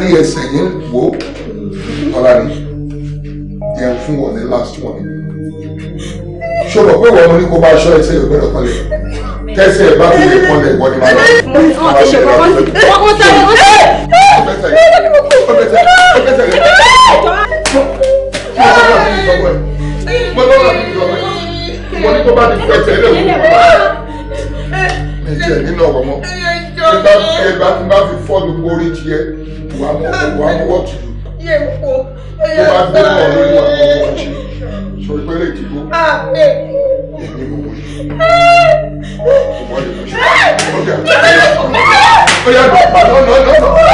rí ẹsẹ̀ yẹn wò ó ọ̀la rí jẹun fún wọn ní last one ṣó mọ̀ pé wọ́n ní kó bá aṣọ ẹsẹ̀ yóò gbẹ́dọ̀ kọlẹ̀ tẹ́sẹ̀ bá fi lè kọlẹ̀ ìwọ́n ni máa lọ. mo ti sọ wọn ṣe kọ́kọ́ sí i wọ́n sáré wọ́n sáré. wá wọ́ tù ú. yé po ẹyẹ sọ ẹ. tó bá gbé wọn lórí àwọn ah, ah. ọmọ ṣe sọ ìpẹ́rẹ́ ìdìbò. èmi mo wọ yìí. ọmọ yẹn lọ ṣe ọjà ọjà bàbá lọ lọ lọ lọ lọ lọ lọ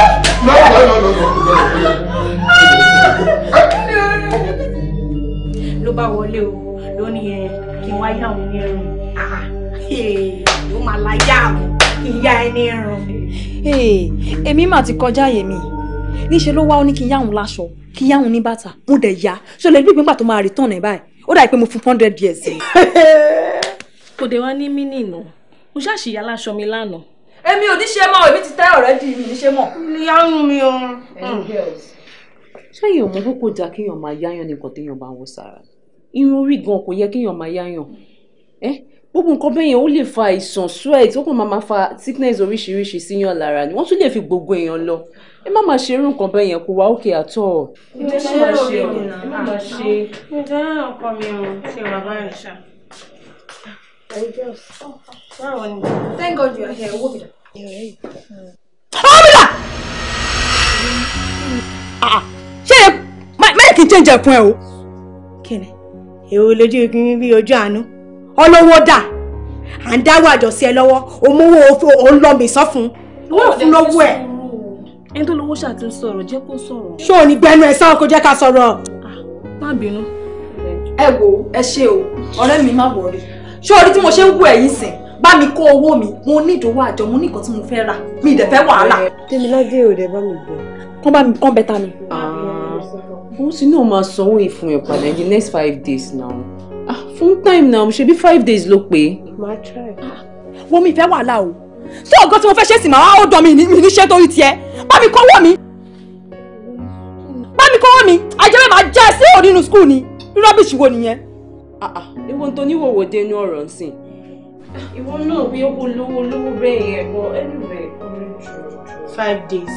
lọ lọ lọ. ló bá wọlé o ló ní ẹ kí n wá yá òun ní ẹrù ah, eh, ó máa la yá àwọn ìyá ẹni ẹrù. Eh, èmi mà ti kọjá yèmí níṣẹ́ ló wá ó ní kí n yáhùn láṣọ kí n yáhùn ní bàtà mo dẹ̀ yá ṣé o lè rí ìgbìngbà tó máa return ẹ̀ báyìí ó dà pé mo fún hundred years. kò dé wá ní mínì nù mo ṣáàṣì yá láṣọ mi lánàá. èmi ò ní ṣe mọ́ èmi ti tẹ́ ọ̀rẹ́ di mi ní ṣe mọ́. yáhùn mi o. Hmm. ṣé èèyàn mọ kókó dà kéèyàn máa yáyàn ní téèyàn bá wọ sára irun orí gan kò yẹ kéèyàn máa yáyàn gbogbo nǹkan bẹ́yẹn ó lè fa àìsàn sweat ó kàn máa ma fa sickness oríṣiríṣi síyàn lára ni wọ́n tún lè fi gbogbo èèyàn lọ ẹ má máa ṣe irú nǹkan bẹ́yẹn kó wa òkè àtọ̀. ìjẹ́ ṣe é òbí mi náà ẹ ṣe ǹjẹ́ ọkọ mi ò ṣe wà báyìí ṣá. Thank God you are here. Wo bìlà. Wo bìlà! Ṣé máìkì jẹ́jẹ̀ fún ẹ o? Kí ni? Èwo lójú igun bí ojú àánú? olówó dà à ń dáwọ́ àjọsí ẹ lọ́wọ́ òmówó òun lọ mi sọ́fun wọ́n fún lọ́wọ́ ẹ̀. ẹni tó lówó ṣáà ti ń sọ̀rọ̀ jẹ́ kó sọ̀rọ̀. ṣó o ní gbẹnu ẹ sáwọn kó jẹ́ ká sọ̀rọ̀. Ah, má bínú. ẹ wo ẹ ṣe o ọ̀rẹ́ mi má wọrí ṣé orí tí mo ṣe ń wú ẹ̀yìn sìn bá mi kó owó mi mo ní ìdòwò àjọ mo ní nǹkan tí mo fẹ́ rà mi ì dẹ̀ fẹ́ wàhálà. tèmi lọ́dẹ ò dẹ̀ bá mi bẹ̀. kán bá mi kán ah, máa sanwó ìfun ẹ̀ padà in the next five days now full time náà ṣe be five days ló pé. máa try. Ah, wọ́n mi fẹ́ wàhálà o sí ọ̀gá tí mo fẹ́ ṣe sì máa ó dán mi níṣẹ́ torí tiẹ̀ bá mi kọ́wọ́ mi bá mi kọ́wọ́ mi àjẹmẹ́ máa jẹ́ sí òun nínú skul ni rọ́bìṣì wo nìyẹn. Ah, ah, ewo ń tó níwòwò dé inú ọ̀rọ̀ nsìn ìwọ náà wí olówó olówó bẹ́ẹ̀ yẹn bọ́ everywhere orí jù. five days.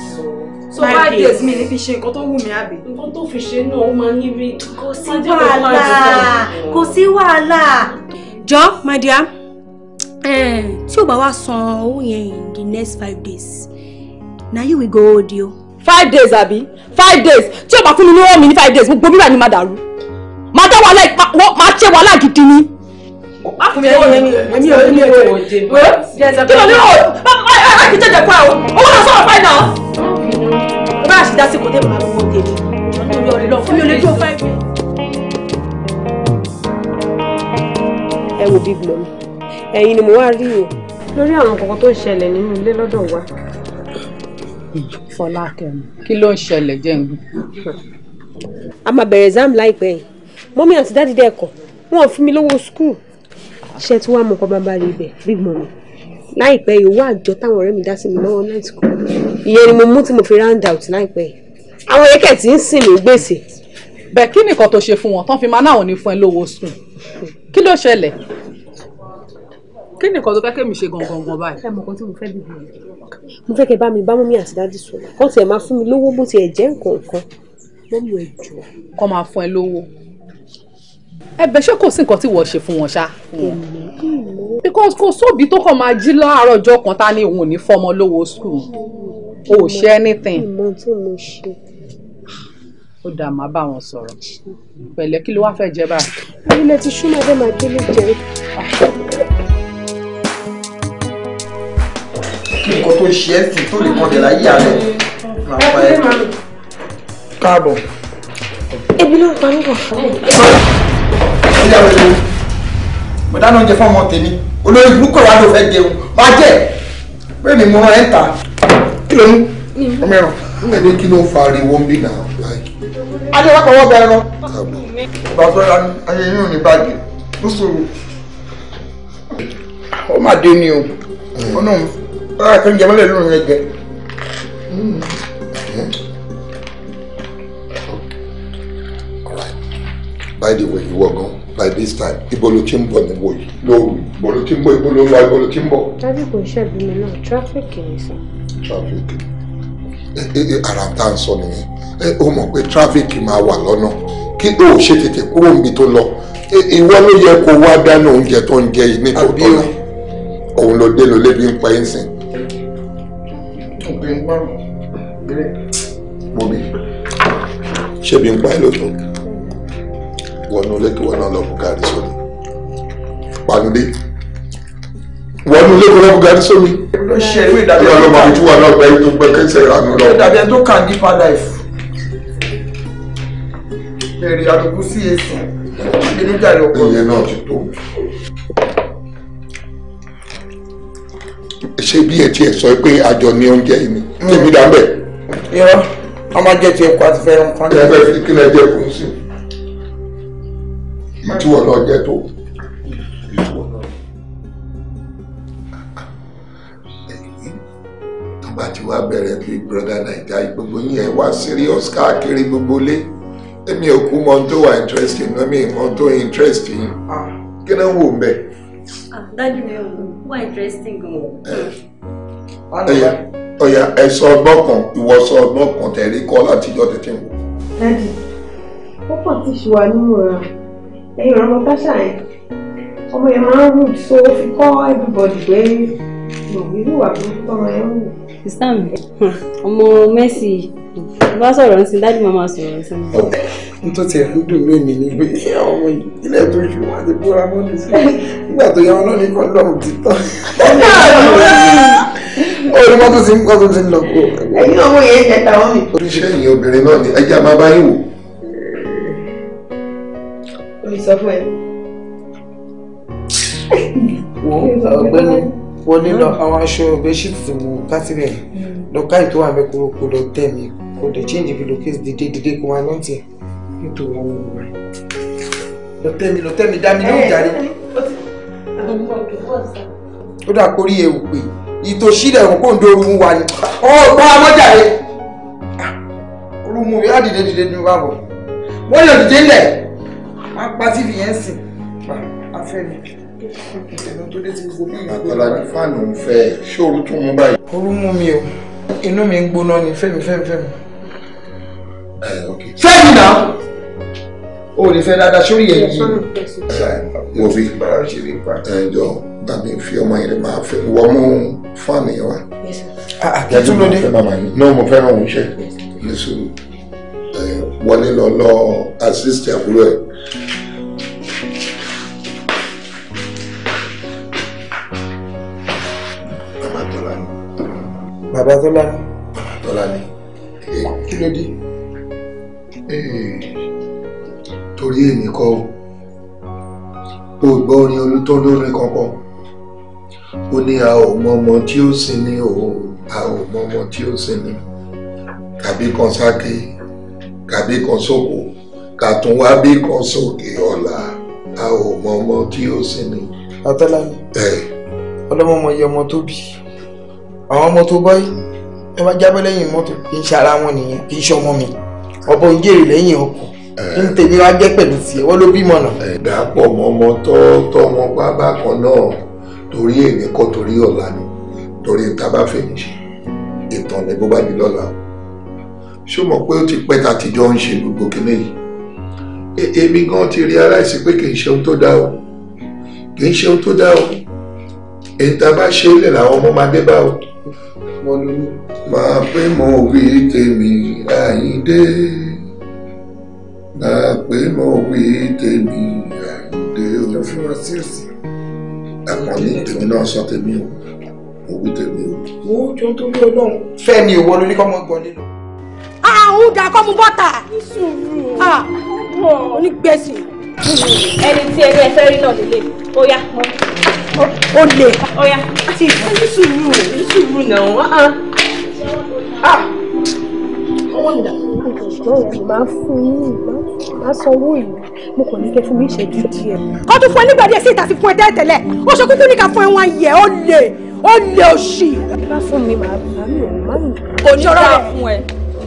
so five days mi ni fi ṣe nǹkan tó wù mí àbí. nǹkan tó fi ṣe náà ó máa ń yí rí. kò sí wàhálà kò sí wàhálà. jọ my dear eh, tí o bá wá san owó yẹn in the next five days na you we go hold you. five days àbí five days tí o bá fún mi ní one minute five days gbogbo bíbá ni màá dàrú màá dá wàhálà ìpa màá ṣe wàhálà gidi ni má fún mi lọ́wọ́ mi èmi ò ní èdè òde mi. kí ló ní o má kì í jẹjẹ fún ẹ o owó lọ sọ̀rọ̀ fáìnà. bá a ṣe dá sí kò dé màá gbogbo tèmi nítorí ọ̀rẹ́ lọ fún mi ò lè tó fáìnà. ẹ wo big mom ẹ̀yin ni mo wá rí o lórí àwọn kankan tó ń ṣẹlẹ̀ nínú ilé lọ́dọ̀ wa. Fọlákẹ́ mi. kí ló ń ṣẹlẹ̀ jẹ́ ń gbọ́. a máa bẹ̀rẹ̀ exam láìpẹ́ yìí mọ́mí àti dádì dẹ́kọ̀ wọn fún mi lówó skul ṣe tí wàá mọ ọkọ bàbá rẹ ibẹ̀ big mummy láìpẹ́ yìí owó àjọ táwọn ọ̀rẹ́ mi dá sí mi lọ́wọ́ náà ti kọ́ ìyẹn ni mo mú tí mo fi round out láìpẹ́ yìí àwọn èkẹ́ tí ń sìn mí gbèsè. bẹ́ẹ̀ kí nìkan tó ṣe fún wọn tán fi máa náwọn ní fún ẹ lówó sùn kí ló ṣẹlẹ̀ kí nìkan tó fẹ́ mi ṣe gangan gan báyìí. ẹ mọ̀ kan tí mo fẹ́ bí mi. mo fẹ́ kẹ́ bá mi bá mọ́mí àti dádì sọ̀rọ̀ kó tiẹ̀ máa fún mi lówó bó tiẹ̀ jẹ́ nǹkan kan mọ́mí ẹ̀ jù ẹ̀bẹ̀ ṣé kò sí nǹkan tí wọ́n ṣe fún wọn ṣá. because kò sóbi tó kàn máa jí láàárọ̀ ọjọ́ kan ta ni òun ò ní fọmọ lówó school o ò ṣe anything. ìmọ̀ tí mo ṣe. ó dà má bá wọn sọ̀rọ̀ pẹ̀lẹ́ kí ló wá fẹ́ jẹ báyìí. ilé ti ṣúná bẹ́ẹ̀ máa délé jẹ. nǹkan tó ṣe é sì tó lè kọ́ láyé àlẹ́ máa pa ẹ́. káàbọ̀. ebi ló ń pa mí bọ̀ ti dáwọ́ ẹ̀wọ̀ mo dáná oúnjẹ fún ọmọ tèmi olórí burúkú wa ló fẹ́ jẹun má jẹ́ pé mi mo rán ẹ̀ ń ta kí ló ń ọmọ ẹ̀rọ. nígbà tí kí ló fa ariwo ń bí náà báyìí. adé wàá kọ́wọ́ bẹ ẹran. ọba tó ra ayé inú ní báàgì ó sòrò ó má dé ni o ó náà ó kẹ́ ń jẹ mọ́lẹ̀ lónìí rẹ jẹ. By the way, you were gone by this time ibo ló ti ń bọ̀ níbo yìí lóru ibo ló ti ń bọ̀ ibo ló ń lọ ibo ló ti ń bọ̀. dájú kò ṣe bí mi náà tráfíkì ni sọ. tráfíkì ara tá à ń sọ nìyẹn ó mọ̀ pé tráfíkì máa wà lọ́nà kí o ṣe tètè kúrò níbi tó lọ ìwọ ló yẹ kó wá dáná oúnjẹ tó ń jẹ yìí ní tòótọ́ náà òun ló dé ló lébi ń pa ẹ́ sìn. ṣé bí ń pa ẹ́ lóòótọ́ wọnú ilé kí wọn náà lọ fún gàrí sómi panudé wọnú ilé kí wọn lọ fún gàrí sómi. ló ṣe ìwé ìdàbí ẹni tó kàn ìwé ìdàbí ẹni tó kàn ní padà ìfù èrè àdùkú sí èsì ìdílégàrí ọkọ. ìyẹn náà ti tó. ṣé bí ẹ tiẹ̀ sọ pé àjọ ní oúnjẹ yìí ni tèmi dá bẹ́ẹ̀. irọ́ ọmọ jẹ́ tiẹ̀ kó àti fẹ́ràn kan. ẹ fẹ́ fi kílẹ̀ jẹ́ kó sí i ìtúwọ̀ náà jẹ́ tó ìtúwọ̀ náà. nígbà tí wàá bẹ̀rẹ̀ big brother naija gbogbo yín ẹ̀ wá serious káàkiri gbogbo lé èmi ò kú mọ tó wà interesting náà mi nǹkan tó interesting kí náà wò ń bẹ̀. Ah, dájú mi ò wá interesting gan o ọ̀yà ẹ̀sọ ọgbọ́n kan ìwọ̀sọ ọgbọ́n kan tẹ̀rí kọ́ látijọ́ tètè wò. dájú ó pọ̀ tí ṣùwà nínú ọ̀rọ̀ ẹ̀yin ọ̀rọ̀ ọmọ táṣà yẹn ọmọ yẹn máa ń rude so ó fi kọ́ everybody pé you wà burúkú ọmọ yẹn ń wù. sísá mi ọmọ Mercy bá sọ̀rọ̀ sí dájú máa máa sọ̀rọ̀ sí mi. n tó tiẹ̀ ń dùn mí ni pé see ilé tó ṣù wá ti búra mọ́ni sí nígbà tó yẹ wọn náà ní kọ́ńdọ̀mù ti tán. ó ní mọ́tò sí ń kọ́ tó ti lọ. ẹ̀yin ọmọ yẹn jẹ tàwọn mi. oríṣiríṣi obìnrin náà ni ẹja máa bá yín wò mi sọ fún ẹ. wo ọ̀gbẹ́ni wọlé lọ àwọn aṣọ bedsheet mo ká sílẹ̀ hmm. lọ ká ètò àmì kúròkó lọ tẹ mi kò lè change pillowcase dídé dídé kó wa náà tiẹ̀ nítorí wọn wò wá. lọ tẹ mi lọ tẹ mi dá mi náà jàre. ó dà kórí ewu pé ìtòsílẹ̀ òun kò ń dorú wa ni ó bá a mọ́ jàre. Ah, olùmúwé á dìde dìde ní wàá bọ̀ wọ́n yóò dìde lẹ̀ máa pa tv yẹn sìn pa afẹ́ mi ìtẹ̀nà tó dé ti gbogbo bí ìgbà tó lọ́wọ́. fáànù ń fẹ́ ṣòro tún mú báyìí. ooru mú mi o inú mi ń gbóná ni fẹ́mi fẹ́mi fẹ́mi. fẹ́mi náà o ò lè fẹ́ dáadáa sórí ẹ̀ yìí. mo fi bàrà ṣe lè pa ẹjọ tàbí fi ọmọ yẹn lè máa fẹ́ wọ́n mú fáànù yẹn wá. àtẹ̀tún lóde. náà mo fẹ́ràn òun ṣe wọlé lọ lọ assist àbúrò ẹ̀. bàbá tọ́lá ni. bàbá tọ́lá ni. bàbá tọ́lá ni. kí ló dé? torí èmi kọ́ o gbọ́ orin olútọ́dún orin kankan ó ní a ò mọ ọmọ tí ó sin ní òun a ò mọ ọmọ tí ó sin ní tàbí kan sáké kàbí kan sóko kàtún wá bí kan sókè ọ̀la a ò mọ ọmọ tí ó sì ní. àtàlàyé ọlọ́mọmọ yẹ ọmọ tó bí àwọn ọmọ tó bọ́ yìí ẹ bá jábọ́ lẹ́yìn mọ́tò kì í ṣe ara wọn nìyẹn kì í ṣe ọmọ mi ọbọ ń jèrè lẹ́yìn ọkọ̀ ń tèmi wá jẹ́ pẹ̀lú tiẹ̀ wọ́n ló bímọ náà. ẹ̀dá pọ̀ mọ́ ọmọ tó tọ́ ọmọ pápá kan náà torí èmi kọ́ torí ọ̀la ni torí ta fèmí ṣe ìtàn ni bó bá di lọ́la ṣó mọ̀ pé ó ti pẹ́ tàtijọ́ ń ṣe gbogbo kínní yìí e, èmi gan ti rí aláìsí pé kì í ṣe ohun tó dá o kì í ṣe ohun tó dá o èyí tá a bá ṣe ilé làwọn ọmọ máa dé bá o. máa pé mo wí tèmi àyíndé máa pé mo wí tèmi àyíndé o. àkànní tèmi náà sọ tèmi o mo wí tèmi o. wo jọ tó bí ọlọ́run fẹ́ ni ìwọ lóníkọ́ mọ́ gbọ́ nínú àrùn dà kọ́ mu bọ́tà. Ah, onígbèsè. ẹni tí ẹni ẹ fẹ́ rí náà nílé ó yá mọ́. ó lè. ó yá ti ní sùúrù ní sùúrù náà. ó ah, ah. oh, ń dà. ìjọ yẹn máa fún yín máa sanwó yìí mo kàn ní kẹ́ fún mi ìṣẹ́jú díẹ̀. kó tún fún ẹ nígbà díẹ̀ sí ìta fi fún ẹ tẹ́lẹ̀tẹ́lẹ̀ ó ṣe kúkú ní ká fún ẹ wọn yẹ ó lè ó lè òṣì. bá fún mi màá mi ò má mi. kò ní sọ̀rọ̀ fún ẹ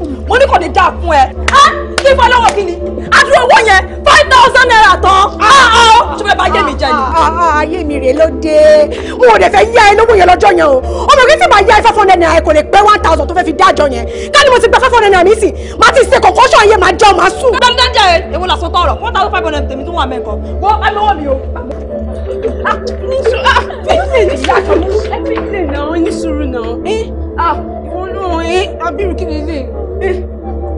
fún mi mo ní kò ní dá fún ẹ. á kí fọ́ lọ́wọ́ kí ni àdúrà owó yẹn five thousand naira tán ọ̀ọ́ ṣùgbọ́n bá yé mi jẹ ni. ayé mi rè ló dé n ò dẹ̀ fẹ́ yá ẹ lówó yẹn lọ́jọ́ yẹn o ọmọ kí tí màá yá ẹ five hundred naira kò lè pẹ́ one thousand tó fẹ́ fi dájọ́ yẹn ká ní mo ti gba five hundred naira mi sì má ti ṣe kọ̀kọ́ ṣọ̀ yẹn máa jẹun máa sùn. dandan jẹ́ èwo làṣọ tọrọ one thousand five hundred tèmi tó wà mẹ́kọ̀ọ́ wọ́n á lọ́wọ́ mi o ní sùúrù náà. ẹ ah ìwọ náà ẹ abirù kí lè lè ẹ eh,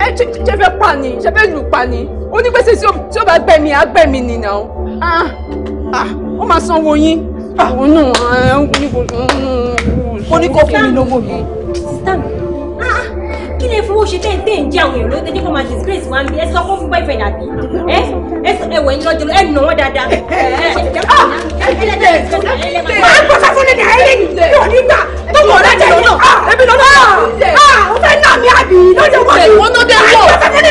eh, ṣe fẹ́ pa ni ṣe fẹ́ lù pa ni onígbèsè tí ó bá gbẹ̀mí á gbẹ̀mí nìyà o ah, ah, ó máa sanwó yín ah. òun náà ẹ ń wí gbogbo. ó ní kó fún mi lówó mi. sítámì kí lè fowó ṣe tẹ́ ń tẹ́ ń jẹ́ àwọn èèyàn ló tẹ́jọ́ kọ́ máa ṣe disgrace wa ń bí ẹ sọ kó fún boyfriend àbí ẹ ẹ sọ ẹ wẹ̀ ń lọ́jọ́ ẹ nà wọ́n dáadáa. máa ń pọ̀ṣà fún ẹ̀dá ẹ̀yẹ yìí yóò ní gbà tó mọ̀ ọ́ lájẹ̀ yìí ẹ̀mí lọ́dọ̀ ó fẹ́ nà mí àbí lọ́jọ́ wọ́n ni wọ́n náà bẹ́ẹ̀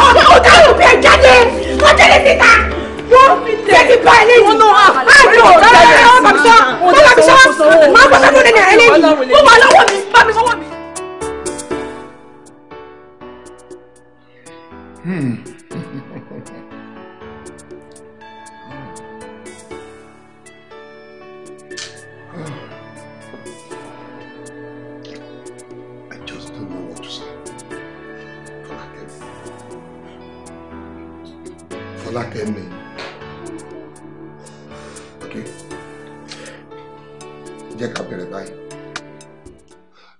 wọ̀ ó dáhùn bẹ́ẹ̀ jáde wọ́n tẹ̀lé síta wọ́n tẹ̀sí bá ẹlẹ́yìn àjò rárá rárá bàbí sọ́ bàbí sọ́ máa ń pọ̀ṣà fún ẹ̀dá ẹlẹ́yìn ó máa lọ́wọ́ mi bàbí sọ́wọ́ mi. Hmm. I just don't know what to say. Hmm.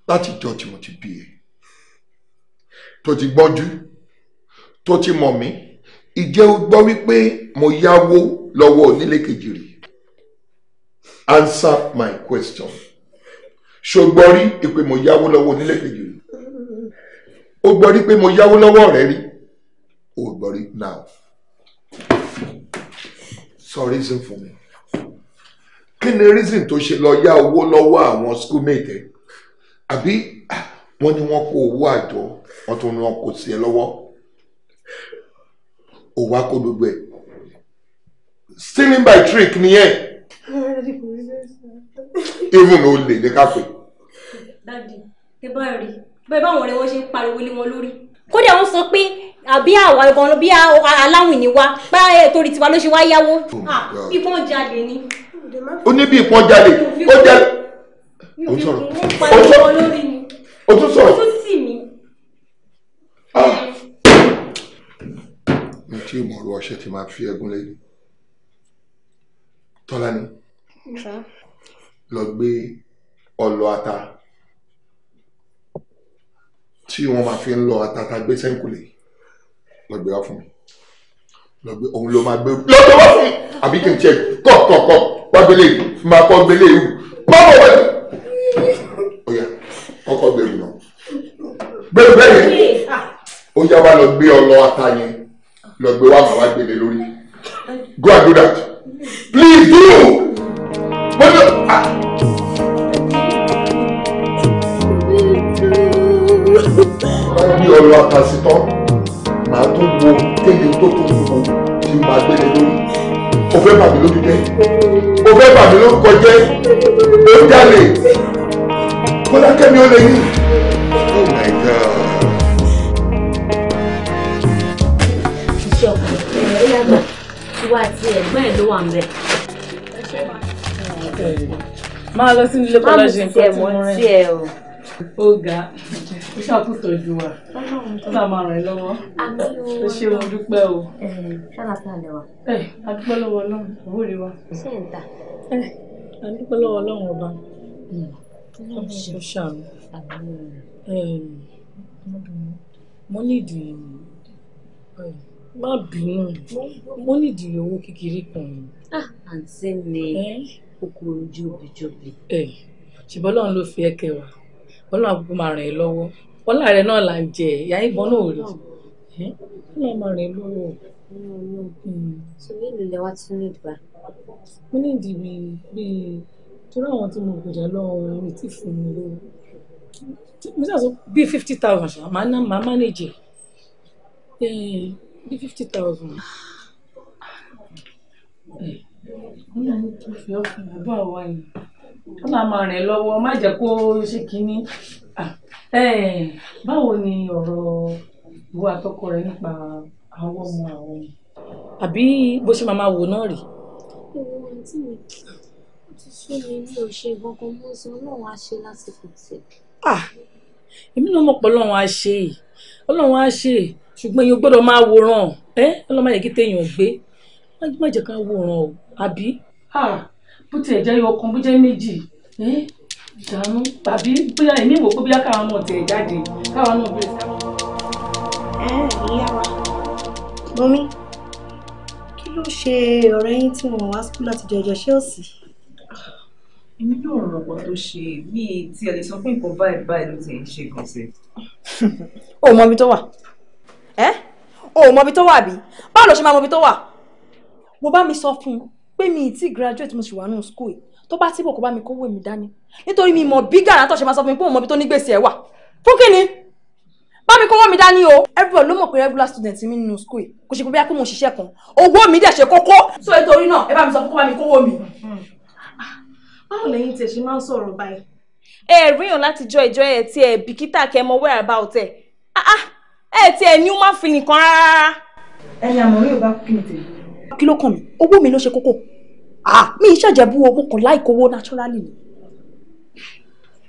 láti jọ tí mo ti bí e tó ti body tó ti mọ̀ mí ìjẹ́ o gbọ́ wípé mo yáwó lọ́wọ́ onílé kejì rí answer my question ṣó gbọ́ rí pé mo yáwó lọ́wọ́ onílé kejì rí o gbọ́ rí pé mo yáwó lọ́wọ́ rẹ rí o gbọ́ rí now So reason for me. kí ni reason tó ṣe lọ yá owó lọ́wọ́ àwọn schoolmate ẹ àbí ah, wọ́n ní wọ́n kó owó àjọ wọ́n tún ní wọ́n kó sí ẹ lọ́wọ́ ò wá kó gbogbo ẹ̀ stealing by trick nìyẹn even ó lè ní káfẹ́. dadi tẹ bá rí bẹ́ẹ̀ báwọn ọ̀rẹ́ wọn ṣe ń pariwo lé wọn lórí kódà wọ́n sọ pé àbí àwa ìbọn bí aláwìn ni wá bá torí tiwa ló ṣe wá yáwó ìbọn oh ah, jalè ni. ó ní bí ìbọn jalè ó jalè ó sọ̀rọ̀ ó tún sọ̀rọ̀. tí ò mọ̀ ọ́rọ́ ọṣẹ ti máa fi ẹ̀gún lẹ́yìn tọ́lání lọ gbé ọlọ ata tí wọ́n máa fi ń lọ ata ta gbé sẹ́ńkùlé lọ gbé wá fún mi lọ gbé òun ló máa gbé lọ gbé wá fún mi àbí kí n tiẹ̀ kọ̀ kọ̀ kọ̀ wá gbélé yìí máa kọ́ gbélé yìí má bọ̀ wẹ́ẹ̀ ó ọkọ̀ gbèrú náà gbèrú bẹ́ẹ̀ yẹn ó yá wá lọ gbé ọlọ ata yẹn lọ gbé wá màá wá gbélé lórí go and do that please do. What the, ah. bí ọlọ́ apasitọ́ màá tún wo kéde tó tó fún un tí màá gbélé lórí o fẹ́ bàmí ló dídẹ́ o fẹ́ bàmí ló kọjẹ́ o jalè kódà kẹ́mi ó lè yí. Oh my God. iṣẹ́ ọkọ ẹ yàtọ̀ tiwa àti ẹ̀gbọ́n ẹ̀ ló wà ń bẹ̀. máa lọ sínú ilé kọ́lá ṣe nǹkan tí mo rẹ̀ ó ga ó ṣàkóso wa ó là máa ràn ẹ́ lọ́wọ́ ó ṣe mo dúpẹ́ o. Eh, ṣálàtà eh, lọ́wọ́ ọlọ́run owó rí wa. ṣé eh, lọ́wọ́ ọlọ́run ọba ó hmm. ṣàmì mo ní ìdí má bínú mo nídìí owó kékeré kan. Ah, àǹtí mi kòkòrò jòbìjòbì. ṣùgbọ́n ọlọ́run ló fi ẹ̀kẹ́ wa ọlọ́run àkókò máa ràn ẹ́ lọ́wọ́ ọlá rẹ náà là ń jẹ ìyá ìbọn náà rí ọlọ́run máa ràn ẹ́ lọ́wọ́. sọ èlò lẹ wá tún ní ìdìbà. mo ní ìdìbì bíi torí àwọn tí mo gbèjà lọ́wọ́ mi ti fún mi lówó mo ṣàṣọ bíi fifty thousand ṣáà máa manage ẹ̀ ní fifty ọ̀nà mi tó lọ́wọ́ má jẹ́ kó ṣe kínní. báwo ni ọ̀rọ̀ ìwọ àtọkọ rẹ nípa àwọn ọmọ àwọn àbí bó ṣe máa máa wò náà rèé. ìwọ àǹtí mi ti sú mi ní òṣè gbọ̀ngàn mo sọ ọlọ́run á ṣe lásìkò tẹ̀. èmi náà mọ̀ pé ọlọ́run á ṣe ọlọ́run á ṣe ṣùgbọ́n yóò gbọ́dọ̀ máa wòran ẹ́ ọlọ́mọ yẹ kí téèyàn gbé má jẹ́ ká wòran o àbí. bó tiẹ̀ jẹ́ ọkàn bó jẹ́ méjì dànù tàbí bóyá èmi wò pé bóyá káwọn náà tẹ̀ jáde káwọn náà bẹ̀rẹ̀ sáà. ẹ ìyá wa mọ́mí kí ló ṣe ọ̀rẹ́ yín tí wọ́n wá skúl láti jọjọ ṣé ò sí. èmi yóò rọ̀ pọ̀ tó ṣe mí tí ẹ lè sọ pé nǹkan báyìí báyìí ló ti ń ṣe gan-an o mọ ibi tó wà ẹ́ o ò mọbi tó wà bí báwo ló ṣe máa mọbi tó wà mo bá mi sọ fún pé mi ì tí graduate mo sì wà nù school yìí tó bá tíbò kó bá mi kówó mi dání nítorí mi mọ̀ bí gàrà tó ṣe máa sọ fún mi pé mo mọbi tó ní gbèsè ẹ̀ wà fún kí ni bá mi kówó mi dání o everybody ló mọ̀ pé regular student mi nínú school yìí kò ṣe pé bí akó mo ṣiṣẹ́ kan owó mi dẹ̀ ṣe kókó so nítorí náà ẹ bá mi sọ fún kó bá mi kówó mi. báwo lẹ́yìn tẹ̀ ṣe máa ń sọ̀rọ̀ báyìí. ẹ ríyàn láti jọ ìjọ ẹ tí ẹ bìkítà kẹ mọ whereabout ẹ ah ah ẹ tiẹ̀ ní human feeling kan rárá. ẹni àmọ́ mi ò bá kí ni tèmi. kí ló kàn mí owó mi ló ṣe kókó ah, mi ìṣèjẹ̀bú owó kan láìkó owó naturally ni.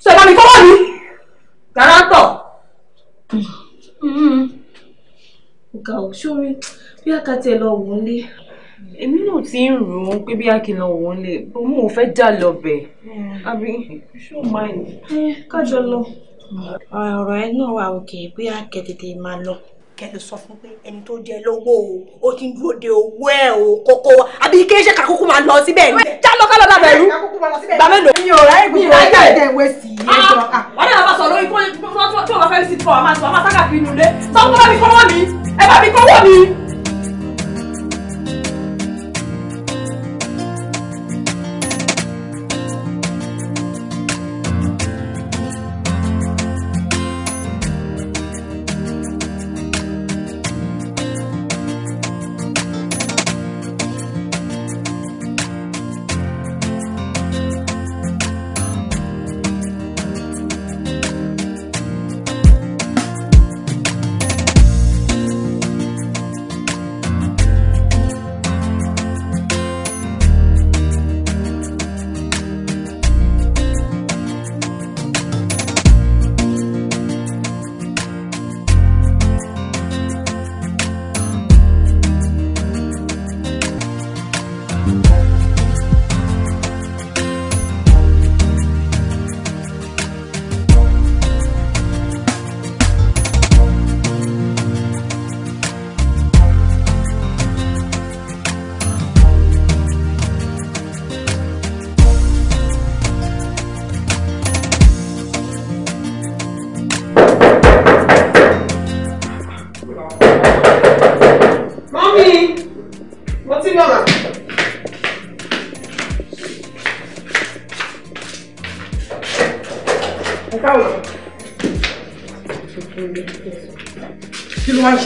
sọ̀rọ̀ mi fọwọ́ mi rárá tọ̀. Mm-hmm. ọ̀gá ò ṣórí bí a ka tiẹ̀ lọ wò ó lé èmi náà ti ń rò ó pé bí a kì í lọ wò ó lé bó mo fẹ́ dà lọ bẹ̀ mm. àbí ṣó máa ń eh, kájọ lọ ọ̀rọ̀ ẹ náà wà òkè bóyá kẹ̀tẹ̀tẹ̀ máa lọ. kẹ́lẹ́ sọ fún pé ẹni tó jẹ lówó o ó ti ń dúró de owó ẹ̀ o kókó àbí kí ṣe kàkókò máa lọ síbẹ̀ ni. já lọ kálọ̀ lábẹ́ rú gbà mélòó. mi ò ráyè gbogbo ọjà ìdẹ ìwé sí i. wọ́n náà bá sọ̀rọ̀ ikú tí wọ́n bá fẹ́ sí fún ọ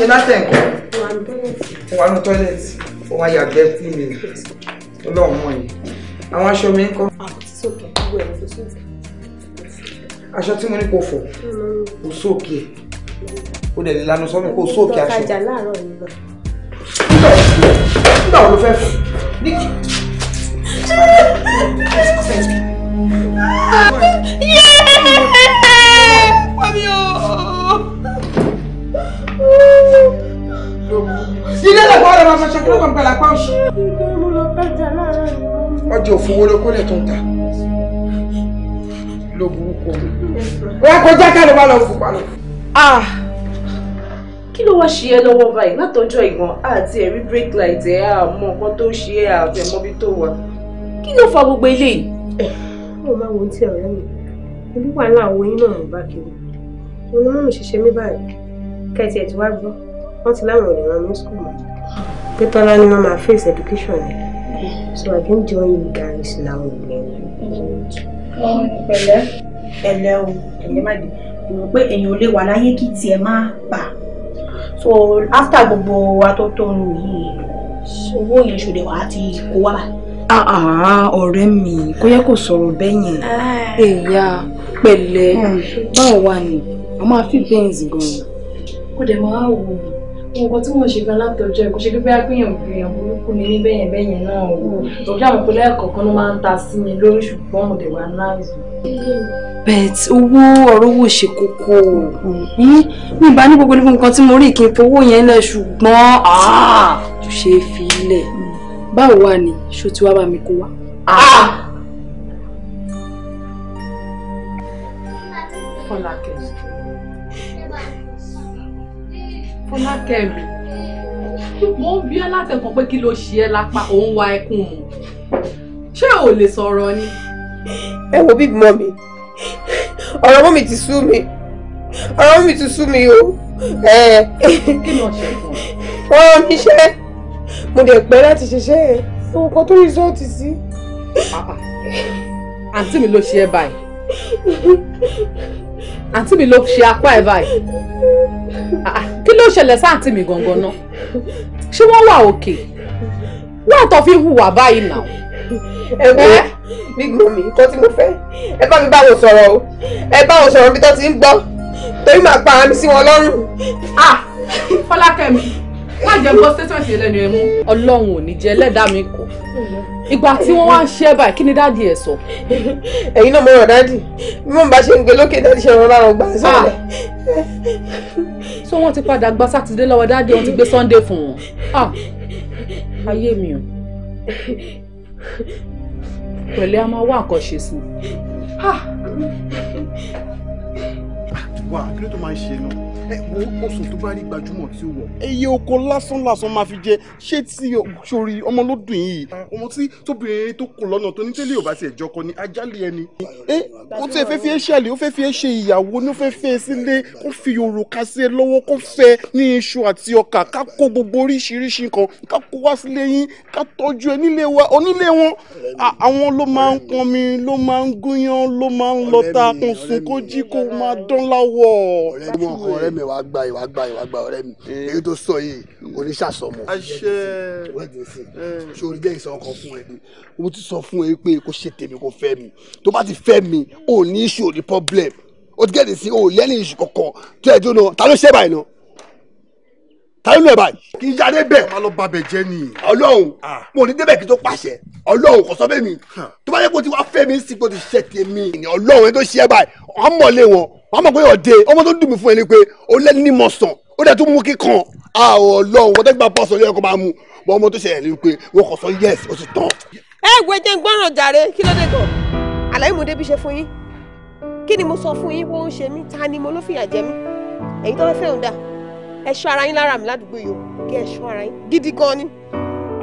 ṣe látẹ̀ nǹkan. ó wà ní tọ́lẹ̀tì ó wá yàgbẹ́ fún mi ọlọ́run mọ̀ yìí àwọn aṣọ mi ń kọ́. aṣọ tí mo ní kò fọ̀ kò sóòkè ó dẹ̀ lè lanu sọ́mi kò sóòkè aṣọ. nígbà wo ló fẹ́ fọ̀ ní kí. ló kàn gbàlà pàǹsù. ọjà òfowó ló kólẹ̀ tó ń ta ló burúkú omi. wọ́n kọjá ká bá lọ fò palọ̀. Ah! kí ló wá ṣe ẹ́ lọ́wọ́ báyìí látọjọ́ ìgbọ̀n àti ẹ̀rí brake light ẹ̀ àmọ́ nǹkan tó ṣe é àti ẹ̀mọ́bí tó wà. kí ló fa gbogbo eléyìí. mo máa wo ti ọ̀rẹ́ mi ibi wàhálà àwọn oyin náà mọ̀ bá kiri òun mú mi ṣiṣẹ́ mi báyìí kẹ́tì ẹ̀ ti wá gbọ́ wọ́n ti láwọn ò lè ràn mí sùkúl mọ́ pé tọ́lá ni wọ́n face education yẹn so I can join you guys now. pẹ̀lẹ́ ẹ̀lẹ́ o ẹ̀lẹ́ má dé rò pé èèyàn ò lè wà láyé kí tiẹ̀ má bà so after gbogbo wa tó tóru yìí owó So ṣòdẹ̀ wá ti kó Ah, ah, ọ̀rẹ́ mi kò yẹ kó sọ̀rọ̀ bẹ́yẹn èyà ah. pẹ̀lẹ́ hmm. báwo wà ní ọmọ àfi bẹ́ẹ̀nsì gan-an kó dẹ̀ máa nǹkan tí mo ṣe gan látọjọ́ ẹ̀kọ́ ṣe pé a gbìyànjú gbìyànjú burúkú ni ní bẹ́yẹn bẹ́yẹn náà o tọ́jú àwọn ìpínlẹ̀ kọ̀ọ̀kan ló máa ń ta sí mi lórí ṣùgbọ́n mo dẹ̀ wá náírà. bet owó ọ̀rọ̀ owó ṣe kókó hmm? mi ìbá ní gbogbo nǹkan tí mo rí kí n fowó yẹn lẹ̀ ṣùgbọ́n ah! ṣe é fi lẹ̀ hmm. báwo wà ní ṣó ti wá bá mi kó wá. Ah! Fọlákẹ́mi mo ń bí ẹ látẹ̀kàn pé kí ló ṣe ẹ́ lápá òun wa ẹkún mu ṣé ò lè sọ̀rọ̀ ni. ẹ wo bíbí mọ mi ọ̀rọ̀ mọ́ mi ti sú mi ọ̀rọ̀ mọ́ mi ti sú mi o. kí ló ṣe fún ọ. ọ̀rọ̀ mi ṣe mo dẹ̀ pẹ́ láti ṣiṣẹ́ ẹ̀ fún ọkọ tó rìsọ́ọ̀tì sí. àǹtí mi ló ṣe ẹ́ báyìí àǹtí mi ló ṣe apá ẹ̀ báyìí kí ló ṣẹlẹ̀ sáàtì mi gangan náà ṣé wọ́n wà òkè wọ́n àtọ̀ fi hùwà báyìí náà. ẹ wo gbígbó mi kó tí mo fẹ́ ẹ bá mi bá wọn sọ̀rọ̀ o ẹ bá wọn sọ̀rọ̀ bí tó ti ń gbọ́ torí màá pa àmì sí wọn lọ́rùn. Ah! Fọlákẹ́mi má jẹ́ gbọ́ statement yẹn lẹ́nu ẹ mú. ọlọ́run ò ní jẹ́ ẹlẹ́dàá mi kọ́ ìgbà tí wọ́n wá ń ṣe báyìí kí ni dáàdì ẹ̀ sọ. ẹ̀yin náà mo rọ̀ dáàdì bí mo bá ṣe ń gbé lókè dáàdì ṣe rọ̀ lára ọgbà sọ́ọ̀lẹ̀. Ah. so wọ́n ti padà gba sátidé lọ́wọ́ dáàdì wọ́n ti gbé sunday fún wọn. Ah. ayé mi o pẹ̀lẹ́ a máa wá àkọ́ṣe sí i. Ah wà kí ló tó máa ń ṣe nu ẹ wo oṣù tó bá rí gbajúmọ̀ tí ó wọ̀. ẹyẹ oko lásán lásán máa fi jẹ ṣé tí sori ọmọ ló dùn yìí ah, ọmọ tí tóbìnrin tó kù lọ́nà tó ní tẹ́lẹ̀ ò tiẹ̀ jọkọ ni ajálì ẹni. Eh, ẹ o tẹ fẹ́ fi ẹ ṣàlè o fẹ́ fi ẹ ṣe ìyàwó ni o fẹ́ fẹ́ ẹ sílé kó fi òrùka sí ẹ lọ́wọ́ kó fẹ́ ní iṣu àti ọkà ká kó gbogbo oríṣiríṣi kan ká kó wá sílé yín ká tọ́jú ẹ nílé wa lọ́wọ́. ọ̀rẹ́ mi wọn kọ ọ̀rẹ́ mi wàá gba ìwà gba ìwà gba ọ̀rẹ́ mi eh. èyí tó sọ yìí oníṣàsọmọ. àṣẹ sori jẹ́ ìsọ̀ ọkàn fún ẹ mo ti sọ fún ẹ pé kó ṣe tèmi kó fẹ́ mi tó bá ti fẹ́ mi ò ní ìṣòro problem ó ti gẹ́gẹ́ sí ò lẹ́ni ìṣù kọ̀ọ̀kan tó ẹ̀ jóná ta ló ṣẹ́ báyìí náà táyọ̀ lóye báyìí kì í yára bẹ́ẹ̀. ọmọ ló ba bẹ̀ jẹ́ ni. ọlọ́run ah. mo ní débẹ̀ kí n tó pàṣẹ ọlọ́run kò sọ bẹ́ẹ̀ mi tó bá yẹ kó ti wá fẹ́ mi sí kó ti ṣẹ́ ti mi. ọlọ́run ẹni tó ṣe é báyìí wọ́n mọ̀ lé wọn wọ́n mọ̀ pé ọ̀dẹ ọmọ tó dùn mí fún ẹni pé ó lẹ́ni ní mọ̀sán ó dẹ̀ tún mú kíkan ọlọ́run wọ́n tẹ́gbà pọ̀ sọ́yọ́ ẹ̀kọ́ máa mú ẹ ṣọ́ ara yín lára mi ládùúgbò yìí o kí ẹ ṣọ́ ara yín gidi gan ni.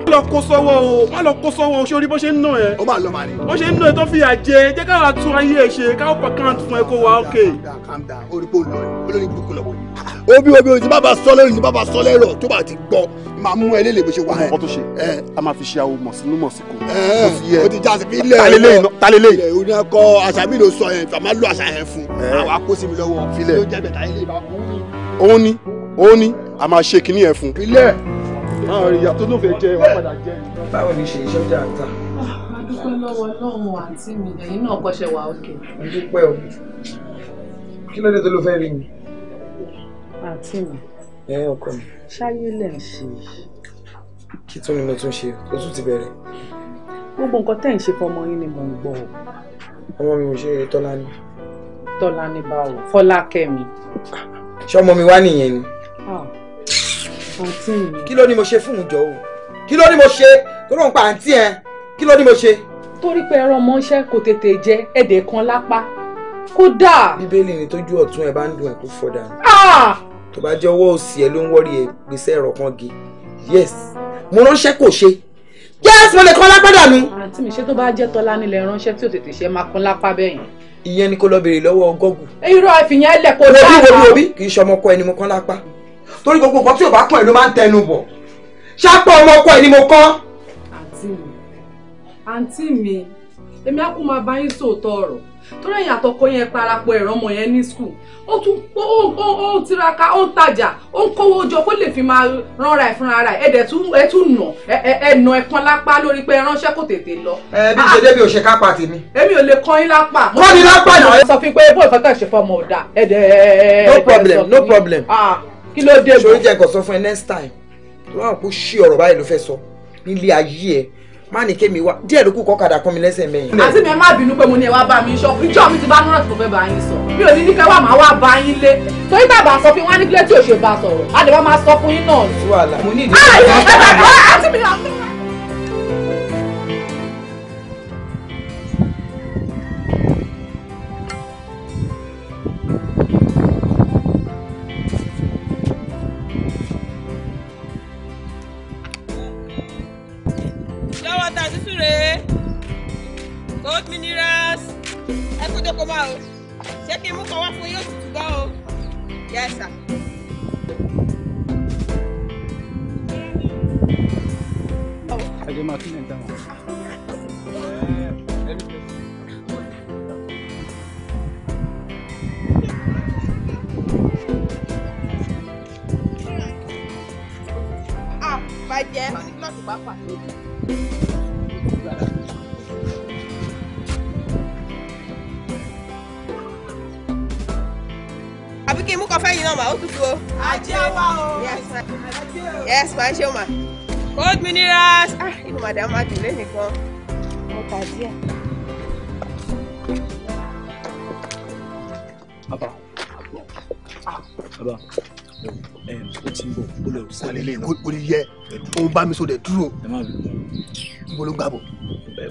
má lọ kó sọ́wọ́ o má lọ kó sọ́wọ́ o ṣé orí bó ṣe ń nà ẹ́. ó máa lọ màlẹ́. bó ṣe ń nà ẹ́ tó fi yà jẹ jẹ́ káwa tún ayé ẹ̀ ṣe káwa pa káàntì fún ẹ kó wa ókè. calm down orí pò lọ olórí burúkú lọ obi obi obi tí bàbá sọ lẹ́rù tí bàbá sọ lẹ́rọ̀ tó bá ti gbọ́ máa mú ẹ lélẹ̀ bó ṣe wá ẹ. ọkọ tó ṣe a máa fi ṣe àwọn mọ̀sínú mọ̀síkò. o ti jáde fi lẹ̀ ẹ̀ talele yìí. o ní akọ àṣà mi ló sọ yẹn fàmà lù àṣà yẹn fún. àwa kó sí mi lọ́wọ́. filẹ̀ òun ni ó ní a máa ṣe kinní yẹn fún. ilé àwọn ìyá tó lóun fẹ́ jẹ wọn padà jẹ. báwo ni ṣe iṣẹ́ dáa ta. a dúpẹ́ lọ́wọ́ ọlọ́run àǹtí mi ẹ̀yin náà kọ́ṣẹ́ wà òkè. mo dúpẹ́ o kí ló dé tó ló fẹ́ rí mi. àǹtí mi ẹ ọkọ mi ṣáyé lẹ̀ ń ṣe kí tún ni mo tún ṣe o tún ti bẹ̀rẹ̀. gbogbo nǹkan tẹ́ ń ṣe fọmọ yín ni mò ń gbọ́ o. ọmọ mi ò ṣe Tọ́lání. Tọ́lání báwo Fọlákẹ́mi. ṣé ọmọ mi wá nìyẹn ni fourteen. kí ló ní mo ṣe fún un o kí ló ní mo ṣe kó ń pa àǹtí ẹ kí ló ní mo ṣe. torí pé ẹran ọmọọṣẹ kò tètè jẹ ẹdẹ kan lápá kódà. bíbélì ni tójú ọ̀tún ẹ bá ń dùn ẹ kó fọdà. tó bá jẹ́ ọwọ́ òsì ẹ ló ń wọ́rí ẹ gbèsè ẹ̀rọ kan gé yes mo ránṣẹ́ kò ṣe yes mo lè kan lápá dànù. àǹtí mi ṣé tó bá jẹ́ tọ́lá nílẹ̀ ránṣẹ́ tí ò tètè ṣe máa kan lápá bẹ́yìn ìyẹn ni kó lọ béèrè lọ́wọ́ gọ́gù. irọ́ àfihàn ẹlẹ́kọ̀ọ́ dáa. kì í ṣọmọkọ ẹni mo kán lápá torí gbogbo nǹkan tí ò bá kún ẹ ló máa ń tẹnu bọ̀ ṣápọ̀ ọmọ ọkọ ẹ ni mo kọ́. àǹtí mi àǹtí mi èmi á kú máa bá yín sòótọ́ ọ̀rọ̀ torí ẹ̀yìn àtọkọ yẹn parapọ̀ ẹ̀rọ ọmọ yẹn ní skul ó tún ó ń tiraka ó ń tajà ó ń kówó jọ kó lè fi máa ránra ẹ̀ fúnra rẹ̀ ẹ̀dẹ̀ ẹ tún nà ẹ nà ẹ kan lápá lórí pé ránṣẹ́ kò tètè lọ. ẹ bí ṣe débi òṣè kápá tèmi. èmi ò lè kọ́ yín lápá. kọ́ ni lápá náà. sọ fún pé bó ìfọkànṣe fọmọ ọ̀dà ẹ̀dẹ̀ ẹ̀ẹ́dẹ̀ no problem no problem. Ah kí ló dé bò. sori jẹ́ sọ fún ẹ next time tó bá wọn kó ṣí ọ̀rọ̀ báyìí ló fẹ́ sọ nílé ayé ẹ má ní kémi wá díẹ̀ ló kù kọ́kadà kún mi lẹ́sẹ̀ mẹ́yìn. àti mi ẹ má bínú pé mo ní ẹ wá bá mi sọ ìjọ mi ti bá nọ́ọ̀tì tó fẹ́ bá yín sọ mi ò ní ní kẹ́ wà máa wá bá yín lé torí bàbá sọ fún wa ní kílẹ̀ tí ò ṣe bá sọ̀rọ̀ àdèmọ́ máa sọ fún yín náà. mo ní ìdí. kó bá o ṣé kí n mú kọ́ wá fún yóò tutù gan o yes sir. ẹ jẹ́ máa kí lè dáhùn. bàjẹ́ ọ̀sìn kílọ̀tù kí n mú kọfẹ́ yìí náà mà ó tutù o. ajé wa o. yes ma ṣe o ma. cold minerals ah inú madam ma dùn lẹ́nu gan. mo ta díẹ̀. bàbá bàbá ó ti ń bọ̀ ó lọ sálẹ̀ lẹ́yìn náà. o lè yẹ òun bá mi sọ dẹ̀ dúró. ẹ má bínú. ibo ló gbàbọ̀.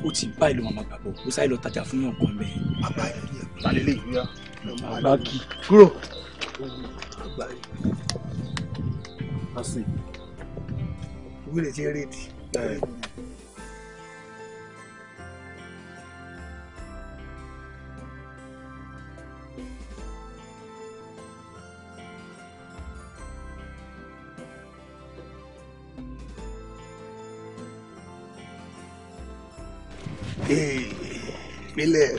ó ti bá ìlú màmá gbàbọ̀ ó sáré lọ tajà fún yàn kan bẹ́ẹ̀. bàbá ìlú yẹn. sálẹ̀ lẹ́yìn. bàbá kì í kúrò owó àgbà rẹ̀ àsìn ìwé rẹ̀ ti ń rédì. Hey, Miller.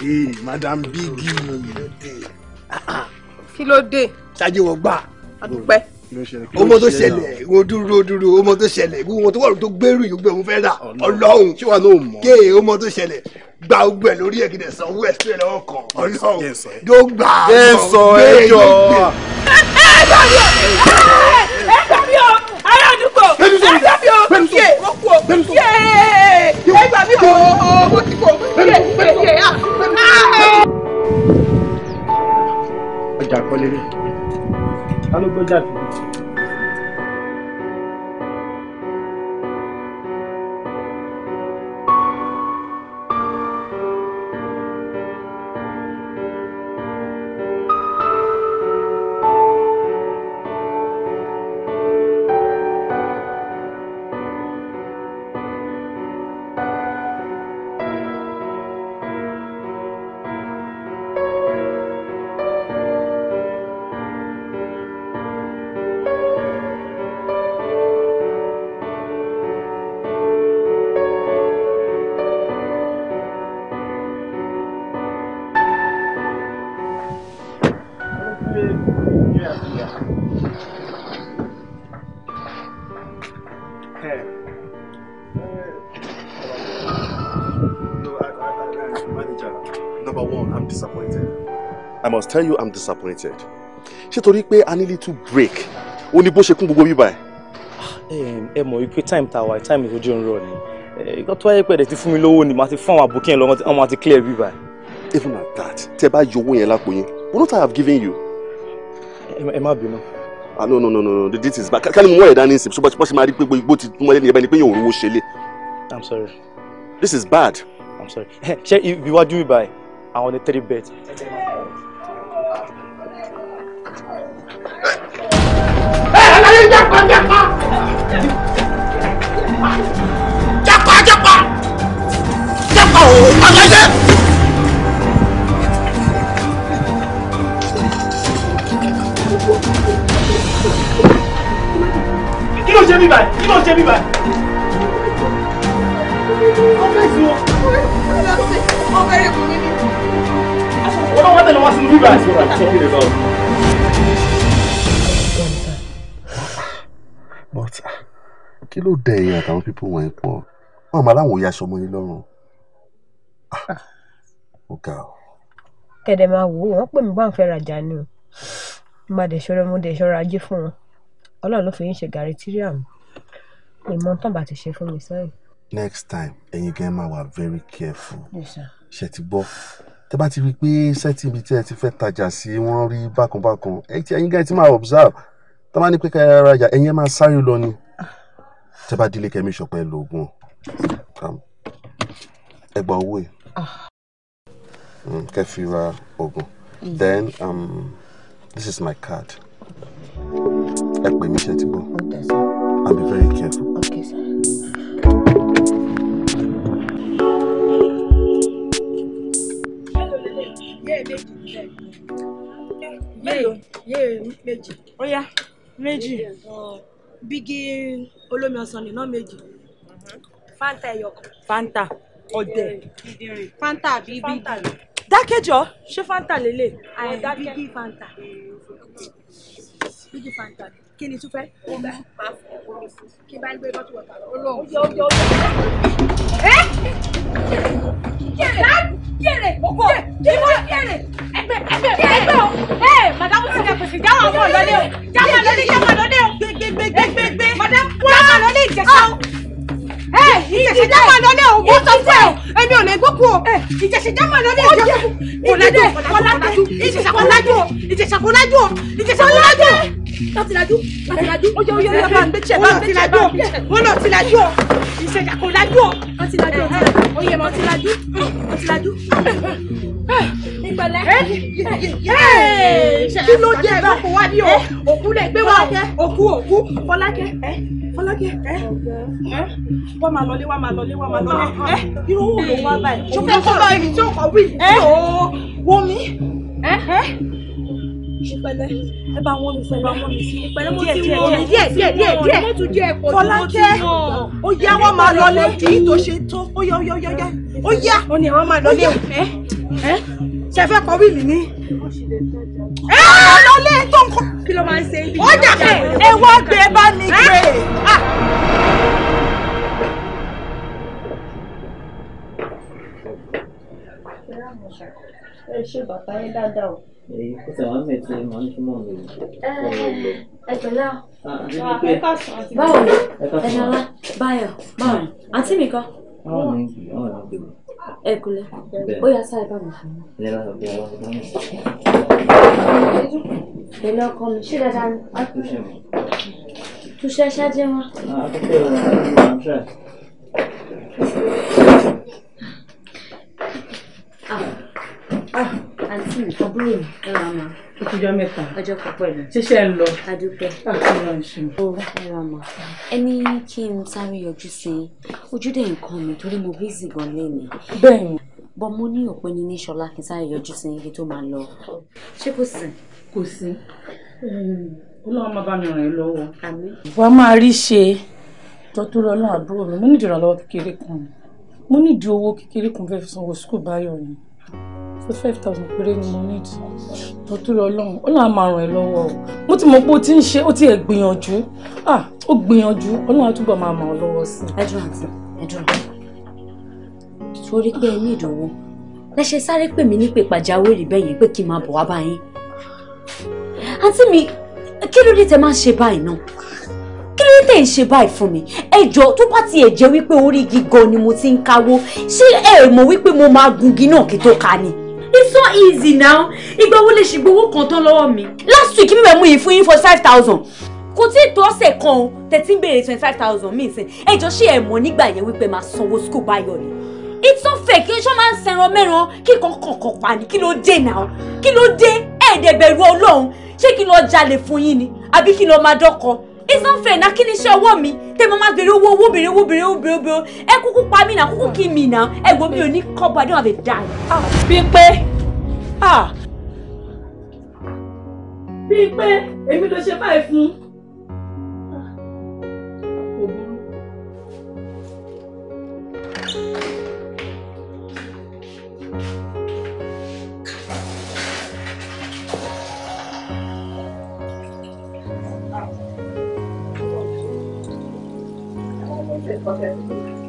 Hey, Madame Biggie kí ló dé. ṣáájú wọn gbà. adúpẹ́ ọmọ tó ṣẹlẹ̀ rodúró rodúró ọmọ tó ṣẹlẹ̀ gbogbo tó wà tó gbèrú yìí gbẹ òun fẹ́ rà ọlọ́run ké ọmọ tó ṣẹlẹ̀ gba ogbẹ lórí ẹ̀ kìdẹ̀ sọ owó ẹ̀sìn ẹ̀rọ ọkàn ọlọ́run tó gbà á sọ ẹjọ́. ẹ gbà ẹ gbà o ará àdúgbò ẹ gbà o yé wọ́n kú o yé ẹ gbà o o ti o yé yé jà kọ́lé rẹ̀ ta ló gbọ́jà tó. tell you i'm disappointed ṣé torí pé a ní little break ó ní bó ṣe kún gbogbo bíbá ẹ. Ah, eh, ẹ mọ̀ wípé time ta wa time ìfojú ń rọ ni nǹkan eh, tó wáyé pẹ̀lẹ́ ti fún mi lówó ni màá ti fún àwọn àbòkí yẹn lọ́wọ́ àwọn àti clear bíbá. even at that tẹ bá yọ owó yẹn lápò yín What know i have given you. ẹ má bínú. ah no no no no the date is back kálí mo wọ́n ẹ̀dá ní ìsìn ṣùgbọ́n ṣe máa rí pé gbogbo ti tún mọ́lẹ́ ní pé yẹn ò rówó ṣe lé. i'm sorry. this is bad. i'm sorry ṣé ibi wájú bíbá ẹ àwọn ni three bed. ẹ ẹ lẹ́yìn japa japa japa japa japa o ọ̀yẹ́yẹ́. kí ló ṣe mí báyìí kí ló ṣe mí báyìí. ọ̀fẹ́sì o. ọ̀fẹ́sì ọ̀fẹ́sì kò ní ní. ọlọ́wọ́ tẹ̀lé wá sínú bíbá. but ah, kí ló dẹ ẹ̀yin àtàwọn pípọ̀ wọ̀nyí pọ̀ wọn àmọ́ aláwọn òye aṣọ ọmọ yín lọ́rùn ó ga ọ. kẹ̀dẹ̀ máa wò ó wọ́n pè mí bá ń fẹ́ rajà ni o má dẹ̀ ṣọ́ra mo dẹ̀ ṣọ́ra ajé fún wọn ọlọ́run ló fi yín ṣe gàrí tíríà mi ìmọ̀ tán bá ti ṣe fún mi sẹ́yìn. next time ẹ̀yin gan máa wà very careful ṣe ti gbọ́ tẹ bá ti rí i pé sẹ́tì ibi tí ẹ ti fẹ́ tajà sí wọ́n rí bákanbákan ẹ̀yin gan ti máa observe tó bá ní pé káyà rajà ẹ̀yin máa sáré lọ ni tẹ́ bá dílé kẹ́mi ṣọpẹ́ ẹ lo ẹ gba owó ẹ kẹ́ fi ra oògùn then um, this is my card ẹ pè mí ṣe ti gbọ́ I'll be very careful. Okay, sir. Yeah, yeah. Oh yeah méjì bígí olómi ọsàn nìna méjì uh-huh. fanta ẹyọkan. fanta ọdẹ fanta àbí bígí. dákẹ́jọ́ ṣé fanta lélẹ̀. àyè dákẹ́ bígí fanta bígí fanta kí ni tún fẹ́. kí n bá ń gbé bọ́tù wọ̀tà lọ. ó lóun jèrè jèrè ògbó ìwọ jèrè ẹgbẹ ẹgbẹ ẹgbẹ o ẹ madame ti dẹ pèsè jáwọ àwọn ọlọlẹ o jáwọ lọlẹ jáwọ lọlẹ o gbẹgbẹgbẹgbẹ madame jáwọ lọlẹ ìjẹsà o ẹ ìjẹsà jáwọ lọlẹ o mo sọ fún ẹ o èmi ò lè gbókù o ìjẹsà jáwọ lọlẹ ìjẹsà kọlájú kọlájú ìjẹsà kọlájú o ìjẹsà kọlájú o ìjẹsà kọlájú o látìlájú látìlájú oye oye oye bá ń gbé tiẹ̀ bá ń gbé tiẹ̀ bá ń gbé tiẹ̀ wọ́n lọ tìlájú o ìjẹsà kọlájú o látìlájú o oyè mọ ti lajú mọ ti lajú ìpẹ̀lẹ́ kí ló jẹ ẹgbẹ kó wá ní o eh, òkú lè gbé wá òkú òkú Fọlákẹ́ eh, Fọlákẹ́ eh, wà máa lọlé wà máa lọlé wà máa lọlé irú wo ló wá báyìí ṣọfẹ kọlọ ibi tí ó kọ wí. Oh, wo mi ṣùpẹ̀lẹ́ ẹ bá wọn mi sí ẹ mo ti wọn díẹ̀ díẹ̀ díẹ̀ díẹ̀ mo tún jẹ ẹ̀pọ̀ tí mo ti wọn. ó yá wọn máa lọ lé kí tó ṣe tó ó yá ó yá ó yá ó yá. ó ní àwọn máa lọ lé ẹ ẹ ṣe fẹ́ kọ wíìlì ni. ẹ ẹ lọ lé tó ń kọ. kí ló máa ń ṣe ibi. ó jà pé ẹ wá gbé bá mi gbé. ẹ ah. ṣe bàtà yín dáadáa o èyí kò tẹ̀wọ́n mẹ́tì mọ́ ní fún mọ́mí. ẹ pẹ̀lẹ́ o. báwo ni ẹ̀dọ́lá báyọ̀ báwo ni àǹtí mi kọ́. báwo ni báwo ni bèbè. ẹ kúlẹ̀ ó yà sáà bá mi fún mi. ilé láti ọ̀gbìn ọ̀rọ̀ ọ̀gbìn. pẹ̀lẹ́ ọkọ mi ṣé dáadáa ni. túṣẹ́ ṣáájú wọn. àkókò ìwà ìwà Ah. Ah àbúrò hmm, ẹ wà mà. ó kújọ mẹ́ta. ọjọ́ púpọ̀ lọ. ṣíṣe ń lọ. adúpẹ́. àkùnrin ọ̀sùn. ó ẹ wà mà. ẹni kí n sáré yọjú sí i ojúde nǹkan mi torí mo bízì gan lẹ́nu. bẹ́ẹ̀ni. bọ́ mo ní òpin ní ṣọlá kí n sáré yọjú sí ibi tó máa lọ. ṣé kò sí. kò sí. ọlọ́run máa bá mi ràn ẹ́ lọ́wọ́. àmín. wàá máa rí ṣe tọ́tú lọ́nà àbúrò mi mo nídìí ìrànlọ́wọ́ kékeré kan mo nídìí owó kékeré kan fẹ́ fi sanwó sùkúù báyọ̀ ni pé five thousand péré ni mo need mo tó lọ ó náà máa ràn ẹ́ lọ́wọ́ o mo ti mọ̀ pé o ti ń ṣe ó ti ẹ̀ gbìyànjú ah ó gbìyànjú ọlọ́run á túbọ̀ máa ràn ọ́ lọ́wọ́ sí i. ẹdùn àti ẹdùn torí pé ẹ ní ìdánwò lẹ ṣe sáré pè mí nípè pàjáwìrì bẹ́ẹ̀ yẹn pé kí n máa bọ̀ wá bá yín àǹtí mi kí ló dé tẹ máa ń ṣe báyìí náà kí ló dé tẹ ń ṣe báyìí fún mi ẹjọ́ tó bá tiẹ̀ jẹ́ wípé orí igi gan ni mo ti ń káwó ṣé ẹ mọ̀ wípé mo máa gungi náà kí tó ka ni it's so easy now ìgbà wo lè ṣe gbowó kan tán lọ́wọ́ mi. last week mi mẹ́mú yìí fún yín for five thousand kò tí ì tó ọ̀sẹ̀ kan o thirteen béèrè twenty five thousand mi sìn ẹjọ́ ṣé ẹ mọ̀ nígbà yẹn wípé máa sanwó school báyọ̀ ni it's so fake. kí iṣan man ń sẹran mẹ́ran kí kankan kan pa ni kí ló dé náà kí ló dé ẹ̀ẹ́dẹ̀bẹ̀rù ọlọ́run ṣé kí lọ́ọ́ jalè fún yín ni àbí kí lọ́ọ́ máa dọ́kọ̀ọ́ it's not fair na kí ni iṣẹ́ ọwọ́ mi tẹ́ mo máa bèrè owó owó bèrè owó bèrè owó bèrè owó ẹ kúkú pa mí náà kúkú kí mi náà ẹ gbọ́ mi ò ní kọ́bù I don't have a dime. Ah, Bímpé ah. Bímpé èmi ló ṣe báyìí fún. qualquer coisa.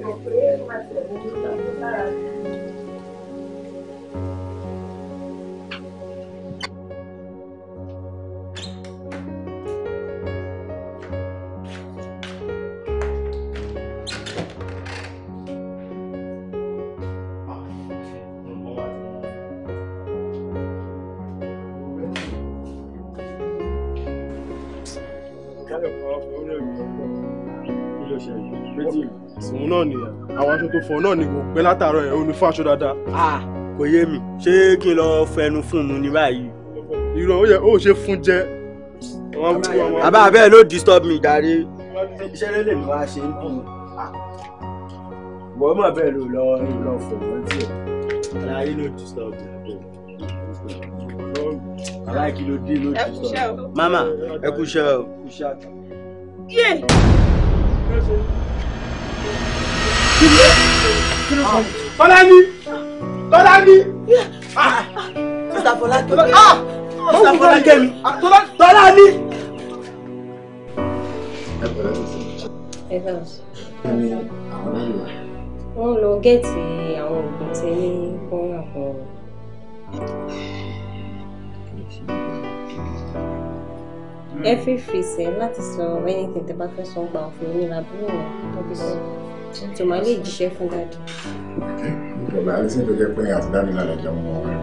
Eu preso, mas eu vou ficar preparado. òun náà nìyẹn àwọn aṣọ tó fọ náà ni kò pẹ́ látàárọ̀ yẹn ó ní fún aṣọ dáadáa. a kò yé mi ṣé kí n lọ fẹnu fún un ní báyìí. irọ́ ó yẹ ó ṣe fún jẹ. bàbá bẹ́ẹ̀ ló disturb mi jàre. iṣẹ́ lélẹ̀ ni wàá ṣe ń bì í. wọ́n bẹ́ẹ̀ ló lọ lọ fọ̀ wọ́n tiẹ̀. aláyé ló disturb mi. aláyé kí ló dé ló disturb mi. mama ẹ kú iṣẹ́ o. yé. Yeah. Fọláni! Fọláni! Mr. Fọlákẹ́mi! Mr. Fọlákẹ́mi! Fọláni! Wọ́n lọ gẹ́ẹ̀tì àwọn òògùn tí wọ́n rà fún ọ. ẹ mm. fi fèsì láti sọ anything tẹ́ bá fẹ́ sọ gba òfin onílà búrò wọn tó fi sọ tó máa lè jíṣẹ́ fún dáàdì. ọ̀la àti tó jẹ́ pé àti dáàdì lálẹ́ jọ mọ́ ọ̀rẹ́.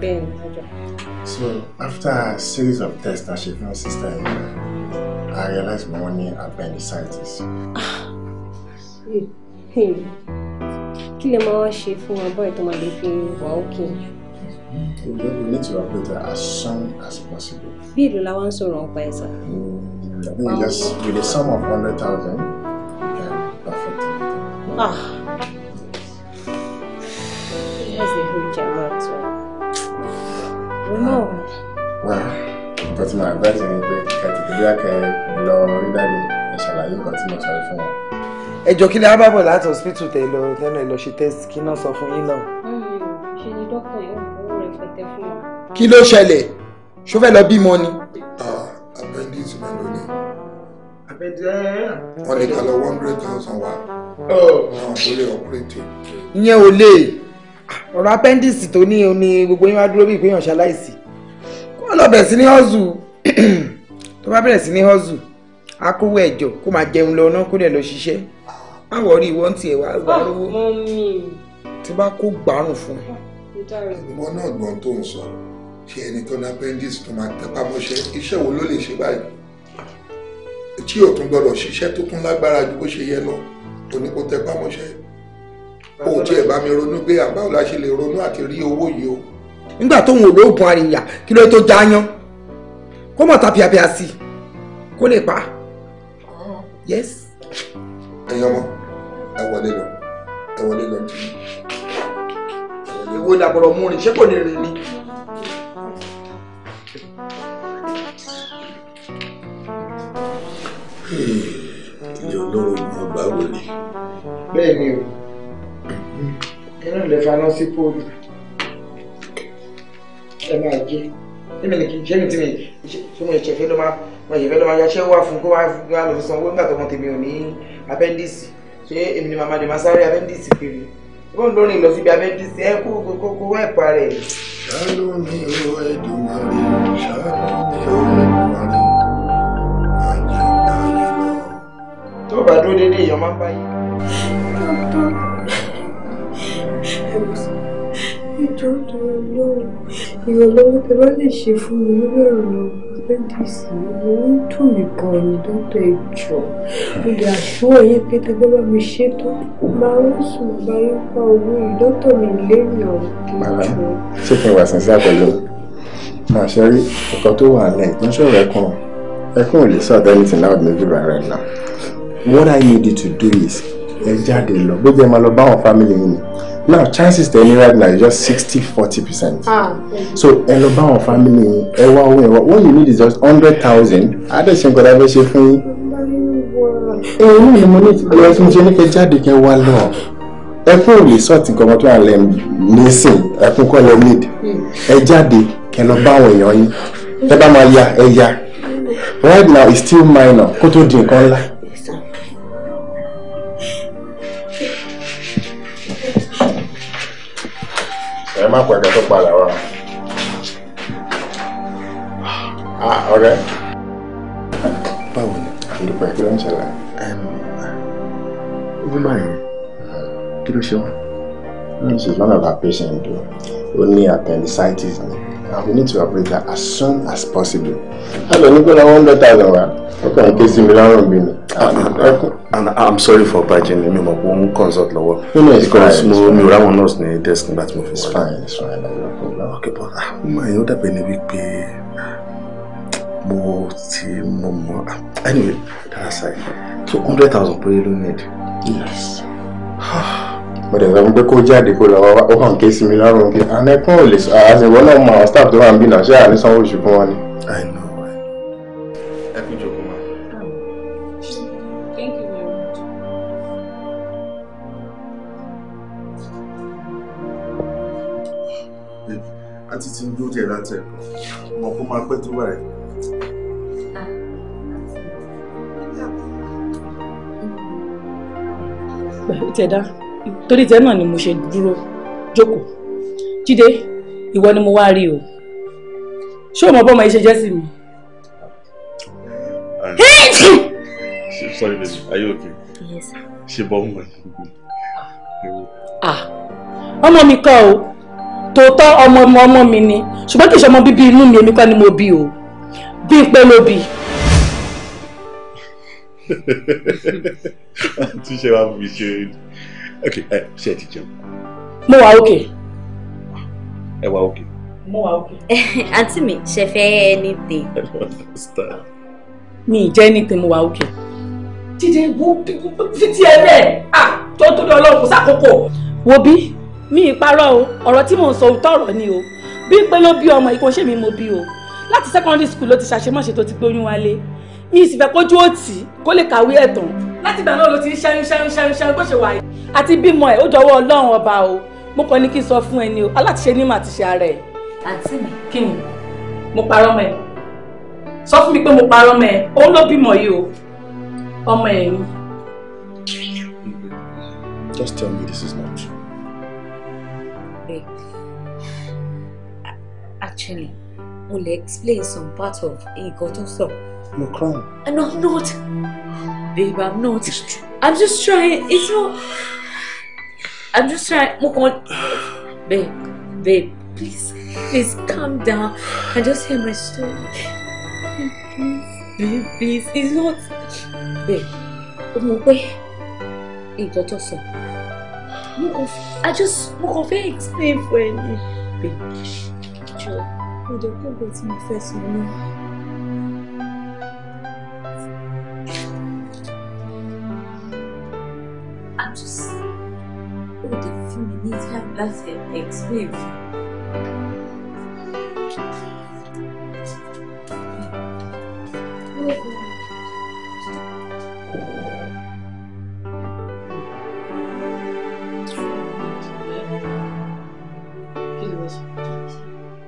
bẹ́ẹ̀ ni dájọ́. so after a series of tests that she found sister in law i realized mo ní appendicitis. Ah, kí lè máa wá ṣe fún ọgbọ́ ìtọ́mọdé fi wà ókè. Mm, we need to operate as soon as possible bí èlò la wá ń sọ̀rọ̀ nípa ẹ̀ sà. just with a sum of hundred thousand yeah, perfect. ah that's a good job at all. you ah. know. well nǹkan tí mo advice ni pé kẹ̀tẹ̀kẹ̀ bí akẹ́ lọ rí dájú ẹ̀ ṣàlàyé nǹkan tí mo sọ fún wọn. ẹ jọ kí ni a láti hospital tẹ̀ lọ tẹ́nu ẹ̀ lọ ṣe test kí náà sọ fún yín náà. Mm-hmm. ṣe ni dókítà yóò kó rẹpẹtẹ fún wa. kí ló ṣẹlẹ̀ ṣó fẹ́ lọ bímọ ni. appendix mélòó ni. appendix. wọ́n lè ká lọ one hundred thousand wa. àwọn tó lè operate. ìyẹn ò lè ọ̀rọ̀ appendix tó ní ní gbogbo yín wá dúró bíi pé yàn ṣaláìsí kó lọ bẹ̀rẹ̀ sí ní hustle tó bá bẹ̀rẹ̀ sí ní hustle akówó ẹ̀jọ̀ kó máa jẹun lọ náà kó dẹ̀ lọ ṣiṣẹ́ báwo rí ìwọ ń tiẹ̀ wá gbà ah, lówó tí bá kó gbárùn fún ẹ. ìwọ náà gbọ́n tó ń sọ ṣe ẹni tó ní appendix tó máa tẹpá mọ́ṣẹ́ iṣẹ́ wo ló lè ṣe báyìí tí ò tún gbọdọ̀ ṣiṣẹ́ tó tún lágbára ju bó ṣe yẹ lọ tó ní kó tẹpá mọ́ṣẹ́ o ò tiẹ̀ bá mi ronú pé àbáwò la ṣe lè ronú àti rí owó yìí o. nígbà tóun ò lóògùn àríyá kí ló tó jáyán kó mọ̀ ta pìàpìà sí i kó lè pa yes. ẹ̀yin ọmọ ẹ wọlé lọ ẹ wọlé lọ. ìwo làbọ̀rọ̀ mú rìn ṣé kò ní rìn ni. ilé olóró ìmọ̀ ọgbà wò ni. bẹ́ẹ̀ ni o iná lè faná sí póòlù ẹ máa jẹ èmi nìkan jẹ́ mi tí mi tí mo ìṣẹ̀fẹ́ ló máa mo ìṣẹ̀fẹ́ ló máa yaṣẹ́ wá fún kó wá lọ sí sanwó nígbà tó mọ tèmi ò ní abẹ́ndìsì ṣé èmi ni màmá lè máa sáré abẹ́ndìsì kiri ó ń lórí lọ síbi abẹ́ndìsì ẹ kó kó kó ẹ̀pà rẹ̀. ṣáà ló ní o ẹ̀dùn mọ́lẹ̀ ṣáà ló ní o. tó bá dúró déédéé èèyàn máa ń báyìí. dókítà ìjọ tó lọ́wọ́ ìrànlọ́wọ́ tẹ bá lè ṣe fún mi lórí ọ̀rọ̀ apẹ́ndìsì mo ń dùn mí gan ni dókítà ìjọ mo lè àṣùwọ̀n yín pé tẹ bá bá mi ṣe tó máa ń sùn bá yín pa owó ìdọ́tọ̀ mi lẹ́yìn ọ̀rọ̀ kejì. ṣé kí n wà sí sí àpẹẹrẹ máa ṣe rí nǹkan tó wà lẹ́yìn tó ń ṣòro ẹkún ò lè sọ àdánìtì náà lójú rẹ̀ náà what I need you to do is ẹ jáde lọ bó jẹ́ máa lọ bá family yín now chances tẹ̀ ní right now is just sixty forty percent ah, so ẹ lọ bá àwọn family yín ẹ wá owó ẹ wá what you need is just hundred thousand adẹ̀sìn kọ́dà fẹ́ ṣe fún yín èyí náà ni mo ní ẹ fún ṣe ní kẹ jáde kẹ wá lọ ẹ fún òòlù sọ́ọ̀tì nǹkan ọmọ tó wà lẹ́m nísìn ẹ fún kọ́ lẹ need ẹ jáde kẹ lọ bá àwọn èèyàn yín ẹ bá máa ya ẹ ya right now it's still minor kó tó di nǹkan ńlá. má pàgẹ́ tó padà wá. Ah, ọ̀rẹ́. báwo ni. àdúpẹ́ kí ló ń ṣẹlẹ̀. wúmà yẹn kí ló ṣe wá. Hmm, she's one of our patients o ó ní appendicitis ni and we need to operate that as soon as possible. a lọ ní kó ra one hundred thousand wa ọkàn kí sí mi lọ́rùn bí ni. Ah, and i'm sorry for bajin mi consult pé òun consult lọ́wọ́ because mo mi ò ráwọn nurse ní desk nígbà tí mo fi wọlé. it's fine it's fine okay but ẹ̀yin ah, ó dàbẹ̀ ni wípé mo ti mọ̀ mọ̀ anyway that aside so hundred thousand péré ló need. yes But dẹ̀ sọ fún pé kó jáde kó lọ wá ó similar. ké sí mi lọ́rùn kí anẹ́kùn ò lè sọ àṣewọ́ náà mọ àwọn staff tó wà ń bí náà ṣé àní sanwó oṣù fún wọn ni. i know àti tí ń dúró díẹ̀ láti ẹ̀kọ́ mọ̀ kó máa pẹ́ tó báyìí. tẹ̀dá torí tẹ náà ni mo ṣe dúró jókòó jíde ìwọ ni mo wá rí o ṣé o mọ bọ́mọ iṣẹ́ jẹ́ sí mi. sorry baby are you okay. yes sir. ṣe bọ́ ọmọ mi. ah ọmọ mi kọ́ o tòótọ́ ọmọ ọmọ ọmọ mi ni ṣùgbọ́n kì í ṣe ọmọ bíbí inú mi èmi kọ́ ni mo bí o bí pé ló bí. tí ṣe wàá fi ṣe ok ẹ ṣe ti jẹun. mo wà òkè. ẹ wà òkè. mo wà òkè. àǹtí mi ṣe fẹ́ anything. mi ì jẹ́ anything mo wà òkè. jíjẹ wo fi ti ẹ lẹ ah tó tó ní ọlọ́run kò sákòókò. wo bí mi ìparọ́ o ọ̀rọ̀ tí mò ń sọ òótọ́ ọ̀rọ̀ ni o bí pé ló bí ọmọ ìkànṣe mi mo bí o láti secondary school ló ti ṣàṣemọ́ṣe tó ti gbóyún wálé mi ì sì fẹ́ kójú òtì kó lè kàwé ẹ̀tàn láti ìgbà náà ló ti ń ṣẹ́yún ṣẹ́yún ṣẹ́yún ṣẹ́yún bó ṣe wà yìí àti bímọ ẹ̀ ó dọwọ́ ọlọ́run ọba o mo kàn ní kí n sọ fún ẹni o aláṣẹ ní màá ti ṣe ara ẹ̀. àǹtí mi kí ni mo parọ́ mọ́ ẹ sọ fún mi pé mo parọ́ mọ́ ẹ actually, mo explain some part of it. nǹkan tó sọ. You're crying. No, I'm not. Babe, I'm not. It's true. I'm just trying. It's not. I'm just trying. Mo kàn. Babe, babe, please, please calm down and just hear my story. Please, babe, please, it's not. Babe, mo pé nǹkan tó sọ. Mo kàn. I just. Mo kàn fẹ́ explain for you, Babe jọ mo dé kógo tí mo fẹ́ sọ ní time láti explain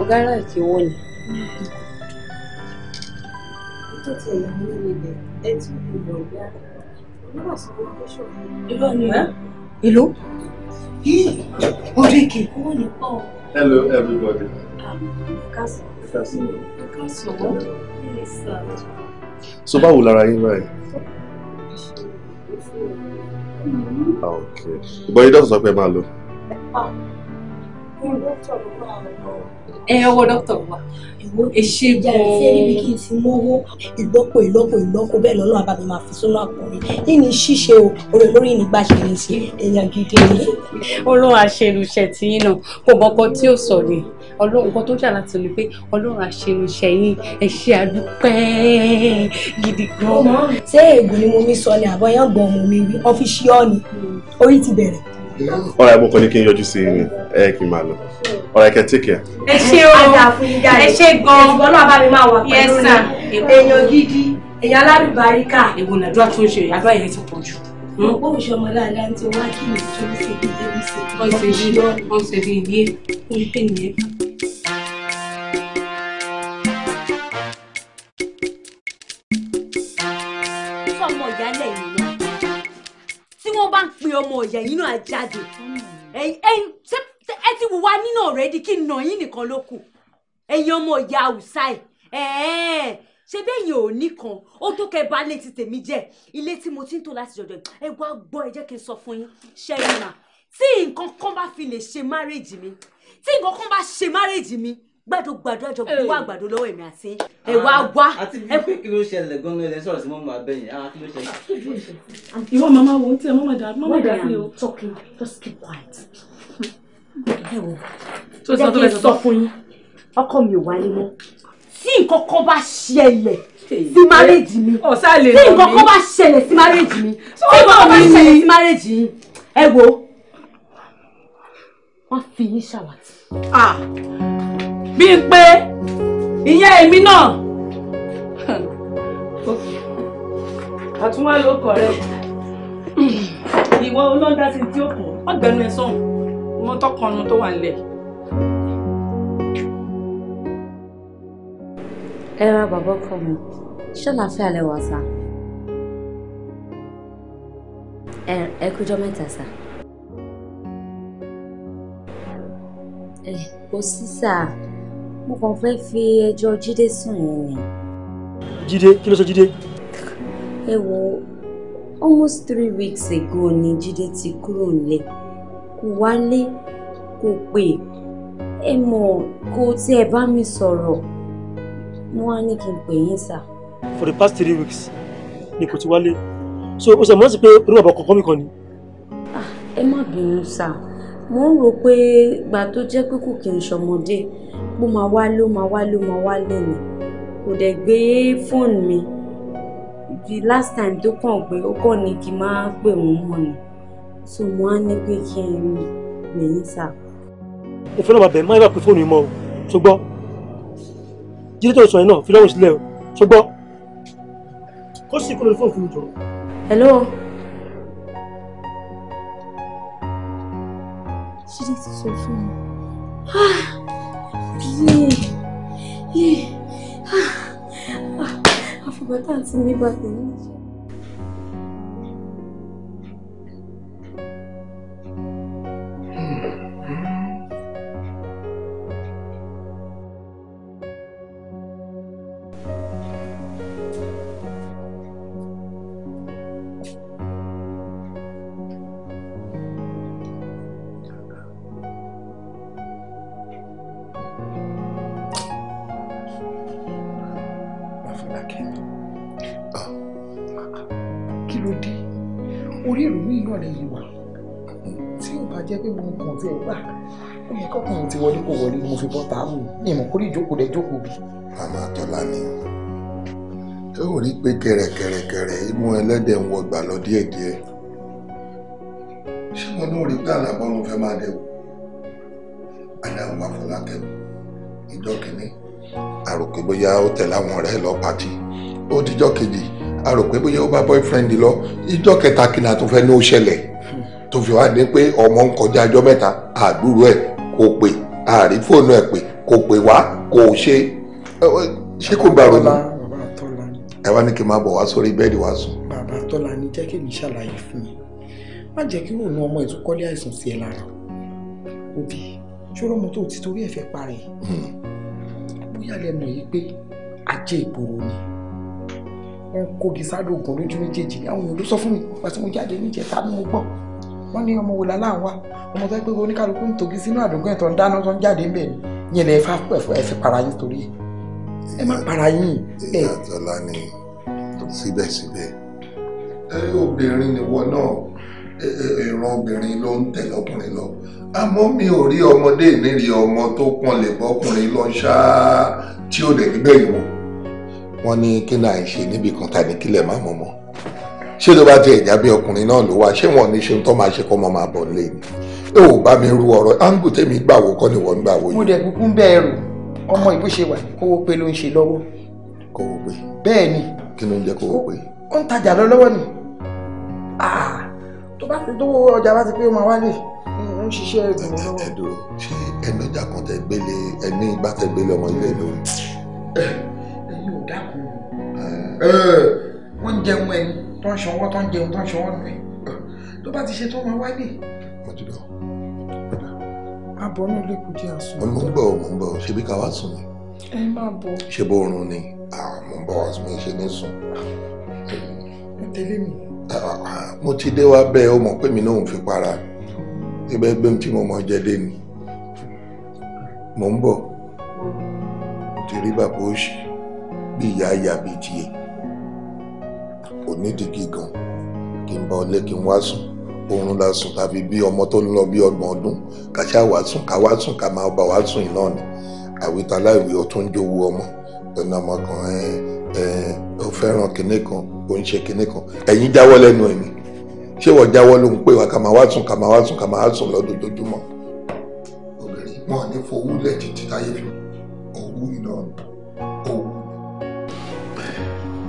ọ̀gá láìkí owó ni. tó ti ẹ̀yà ní ilẹ̀ ẹ tí ò lè lọ ọ̀gá ọ̀gá sọ pé ṣòro. ìlú ni ìlú. orí kì í kúrò ní pọ̀. Hello everybody. kásán. kásán. kásán. so báwo lára yín báyìí. Mm-hmm. Ah, okay. But you don't talk about love. Ah, ẹ ọwọ́ dókítà wa ẹ ṣe gan-an. yàrá níbi kí n ti mówó ìlọ́pọ̀ ìlọ́pọ̀ ìlọ́pọ̀ bẹ́ẹ̀ lọ́nà àbámi máa fi sínú àpò mi ṣíṣe o orí lórí ìnigbà ṣe ní sí èèyàn gidi ni. olóhùn àṣerùṣẹ tí yín náà kò bọ́kọ tí ò sọ ni ọlọ́run nǹkan tó jà láti ní pé ọlọ́run àṣerùṣẹ yín ẹ àdúpẹ́ gidi gan. ṣé ègùn ni mo mi sọ ni àbọ̀yàn gbọ̀n mi wí ọ́fíìsì hmm. orí ti bẹ̀rẹ̀. All right, kàn ní kí n yọjú sí i ni ẹ kí n máa take care. ẹ ṣe o ẹ ṣe gan-an ìbọn náà bá mi máa wà pẹ̀lú èèyàn gidi èèyàn alárùbáríkà. èwo nàdúrà tó ń ṣe ìyá báyìí ti pọ̀ jù. ó ń ṣọmọ láàlá tí wọ́n á kí ni tó ń ṣe bí débìsì. wọ́n ti yí wọ́n ti rí iye ó ń pe ọmọ ọ̀yà yìí náà jáde ẹ ti wùwá nínú ọ̀rẹ́ di kí nà yín nìkan ló kù ẹ̀yin ọmọ ọ̀yà àwùsá ẹ̀ ṣe bẹ́yìn ò nìkan ó tó kẹ́ bá létí tèmi jẹ́ ilé tí mo ti ń tò láti jọjọ ẹ wá gbọ́ ẹ jẹ́ kí n sọ fún yín ṣẹ́yìn mà tí nǹkan kan bá fi lè ṣe márèèjì mi tí nǹkan kan bá ṣe márèèjì mi gbàdúgbàdú àjọ kó wá àgbàdo lọ́wọ́ èmi àti ẹ ah, wá wá. àti bí kí ló ṣẹlẹ̀ gan-an lẹ sọ̀rọ̀ sí mọ́mú abẹ́yìn ah, ah kí ló ṣẹlẹ̀. ìwọ màmá wo tí ẹ mọ́mọ́ dà mọ́mọ́ dà sí o. talking just keep quiet. ẹ wo tó sọ tó lè sọ fún yín ọkọ mi ò wálé mọ́ tí nǹkan kan bá ṣẹlẹ̀ sí márèjì mi tí nǹkan kan bá ṣẹlẹ̀ sí márèjì mi tí nǹkan kan bá ṣẹlẹ̀ sí márèjì yín ẹ wo wọ́n fi yín ṣàwátì bí n pé ìyá èmi náà àtúnwá ló kọ rẹ ìwọ olóńdá sí tí ó kọ ọgbẹnu ẹ sọhùn mo tọkànnù tó wà nílẹ̀. ẹ ra bàbá ọkọ mi ṣé àlàáfíà lẹ wà sá ẹ kújọ mẹ́ta sá. ẹ kò sí sáà mo kàn fẹ́ fi ẹjọ́ Jídé sùn yẹn ni. Jídé kí ló sọ Jídé. ẹ wo almost three weeks ago ni Jídé ti kúrò nílé kò wálé kò pè ẹ mọ̀ kó tí ẹ bá mi sọ̀rọ̀ mo wá ní kí n pè yín sà. for the past three weeks ni kò ti wálé so o ṣe mọ̀ sí pé onímọ̀ ọ̀bọ̀ kọ̀ọ̀kan mi kan ni. Ah, ẹ má bínú sáà mo ń rò pé ìgbà tó jẹ́ pé kò kí n ṣọmọdé bó máa wá ló máa wá ló máa wá lé kò dẹ̀ gbé fóònù mi the last time tó kàn gbé ó kàn ní kí n má pè wọ́n mọ̀ ni so mo á ní pé kí n lè yín sà. mo fẹ́ràn bàbá ẹ̀ má yẹ bá pè fóònù yìí mọ́ o ṣùgbọ́n jíde tó sọ yẹn náà fi lọ́wọ́ sílẹ̀ o ṣùgbọ́n kó sì kúrò fóònù fún mi jọ. hello. Jídé ti sọ fún mi. Ah, ah, ah, Àfọ̀bátà ti ní bàtà níbi. wọlé kò wọlé ni mo fi bọ́ tààmù ìmọ̀ kórè ìjókòó rẹ̀ jókòó bí. màmá tọ́lá ni ṣé ò rí pé kẹ̀rẹ̀kẹ̀rẹ̀kẹ̀rẹ̀ imú ẹlẹ́dẹ̀ ń wọ gbà lọ díẹ̀díẹ̀ ṣé wọn náà rí pé àlàbọ̀ ló fẹ́ máa dẹ̀wò adáhùn wà fún lákẹ́wò ìjọ kìíní àròpé bóyá ó tẹ̀lé àwọn ọ̀rẹ́ lọ pàtì ó dijọ́ kejì àròpé bóyá ó bá boyfriend lọ ìjọ kẹta kìíní àtúnfẹ́ ní ó ṣẹlẹ̀ hmm. tó fi wá dé pé ọmọ ń kọjá ọjọ́ mẹ́ta àdúró ẹ̀ kó pè é àárí fóònù ẹ̀ pé kò pè wá kò ṣe ṣé kò gbàrò ni ẹ wá ní kí n máa bọ̀ wá sórí bẹ́ẹ̀dì wá sùn. bàbá tọ́lá ni jẹ́ kí mi ṣàlàyé fún yín má jẹ́ kí ròònù ọmọ ìtúkọ́lé àìsàn sí ẹ lára òbí ṣòro ọmọ tó ti torí ẹ̀ fẹ́ parí hmm. bóyá lẹ́nu yìí pé ajé ìgboro ni wọ́n kógi sádògùn lójú méjèèjì àwọn èèyàn ló sọ fún mi pàṣẹ mo jáde níjẹta ni mo gbọ́ wọ́n ní ọmọ wòlá láwọn wá ọmọ tó yẹ pé oníkálukú ń tògí sínú àdúgbò ẹ̀ tó ń dáná tó ń jáde ńbẹ̀ ni yẹn lè fa ẹ̀fọ́ ẹ̀fẹ́ para yín torí ẹ má para yín. ìyá àtọ́lá ni síbẹ̀síbẹ̀ obìnrin nìwọ náà ìran obìnrin ló ń tẹ̀lé ọkùnrin lọ àmọ́ mi ò rí ọmọdé ìnírí ọmọ tó pọn lè bọ́kùnrin lọ ṣáá tí ò dẹ̀ níbẹ̀ ìwọ̀n. wọ́n ní kí náà ń ṣe níbi kan tani kílẹ̀ má mọ̀ mọ́ ṣé tó bá tiẹ̀ jábí ọkùnrin náà ló wá ṣé wọn ní ṣe tó máa ṣe kọ́ ọmọ máa bọ̀ nílé ni ó bá mi rú ọ̀rọ̀ áńgù tèmi gbàwó kọ́ ni wọ́n gbàwó yìí. mo dẹ̀ kúkú ń bẹ ẹrù ọmọ ìbú ṣe wà kówó pé ló ń ṣe lọ́wọ́. kówó pé. bẹ́ẹ̀ ni. kí ló ń jẹ́ kówó pé. ó ń tajà lọ lọ́wọ́ ni tó bá ti dówó ọjà bá ti pé ó máa wálé ń ṣiṣẹ́ ìgbìmọ̀ lọ́wọ́. ẹ̀dùn ṣe ẹnu ọjà kan tẹ gbélé ẹni bá tẹ tó ń ṣọwọ́ tó ń jẹun tó ń ṣọwọ́ nù ẹ̀ tó bá ti ṣe tó máa wáyé. mo ti dọ̀ padà. àbọ̀ náà lè kú díẹ̀ sùn. mo ń bọ̀ mo ń bọ̀ ṣebí ká wá sùn ni. ẹ má bọ̀. ṣé bó oorun ni mo ń bọ̀ wá sùn mi ṣe ní sùn. ẹ tẹ̀lé mi. mo ti dé wá bẹ́ẹ̀ o mọ̀ pé mi náà ò fi para ibẹ̀ gbé tí mo mọ̀ jẹ dé ni mo ń bọ̀ mo ti rí bàbá òṣì bí ìyá ìyá bíi tiẹ̀ kò nídìí gígan kí n bá ọ lé kí n wá sùn oorun la sùn tàbí bí ọmọ tó ń lọ bí ọgbọ̀n ọdún ká ṣáà wá sùn ká wá sùn ká máa bá wá sùn iná ni àwítà láìwé ọtún ń jowó ọmọ pẹ̀lú ọmọ kan ẹ ẹ ó fẹ́ràn kinní kan ó ń ṣe kinní kan ẹ̀yin jáwọ́ lẹ́nu ẹ̀mí ṣé wọ́n jáwọ́ ló ń pè wá ká máa wá sùn ká máa wá sùn ká máa wá sùn lọ́dún lójúmọ́ obìnrin wọn ní fowó lẹ́ẹ̀dì tí táyé fi owó iná owó.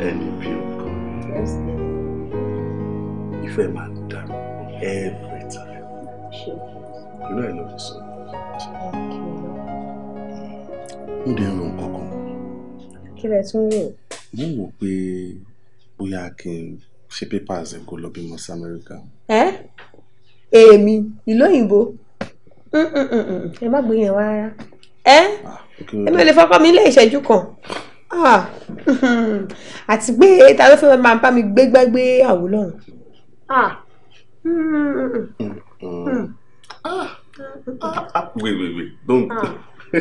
ẹni bí o ìfẹ́ máa ń dàrú every time. ìlú ẹ̀ ló fi sọ. mo dẹ̀ ń ro nǹkan kan. kí lẹ tún rò. mo wò pé bóyá kí n ṣe papers ẹ̀ kó lọ bímọ sí amẹ́ríkà. ẹ èmi ìlú òyìnbó ẹ má gbé yẹn wá rárá ẹ ah, èmi ò lè fọkọ mi ilé ìṣẹ́jú kan ah. àti pé ta ló fẹ́ máa bá mi gbégbá gbé àwòrán. Ah. ah, ah, wait wait wait don't ah.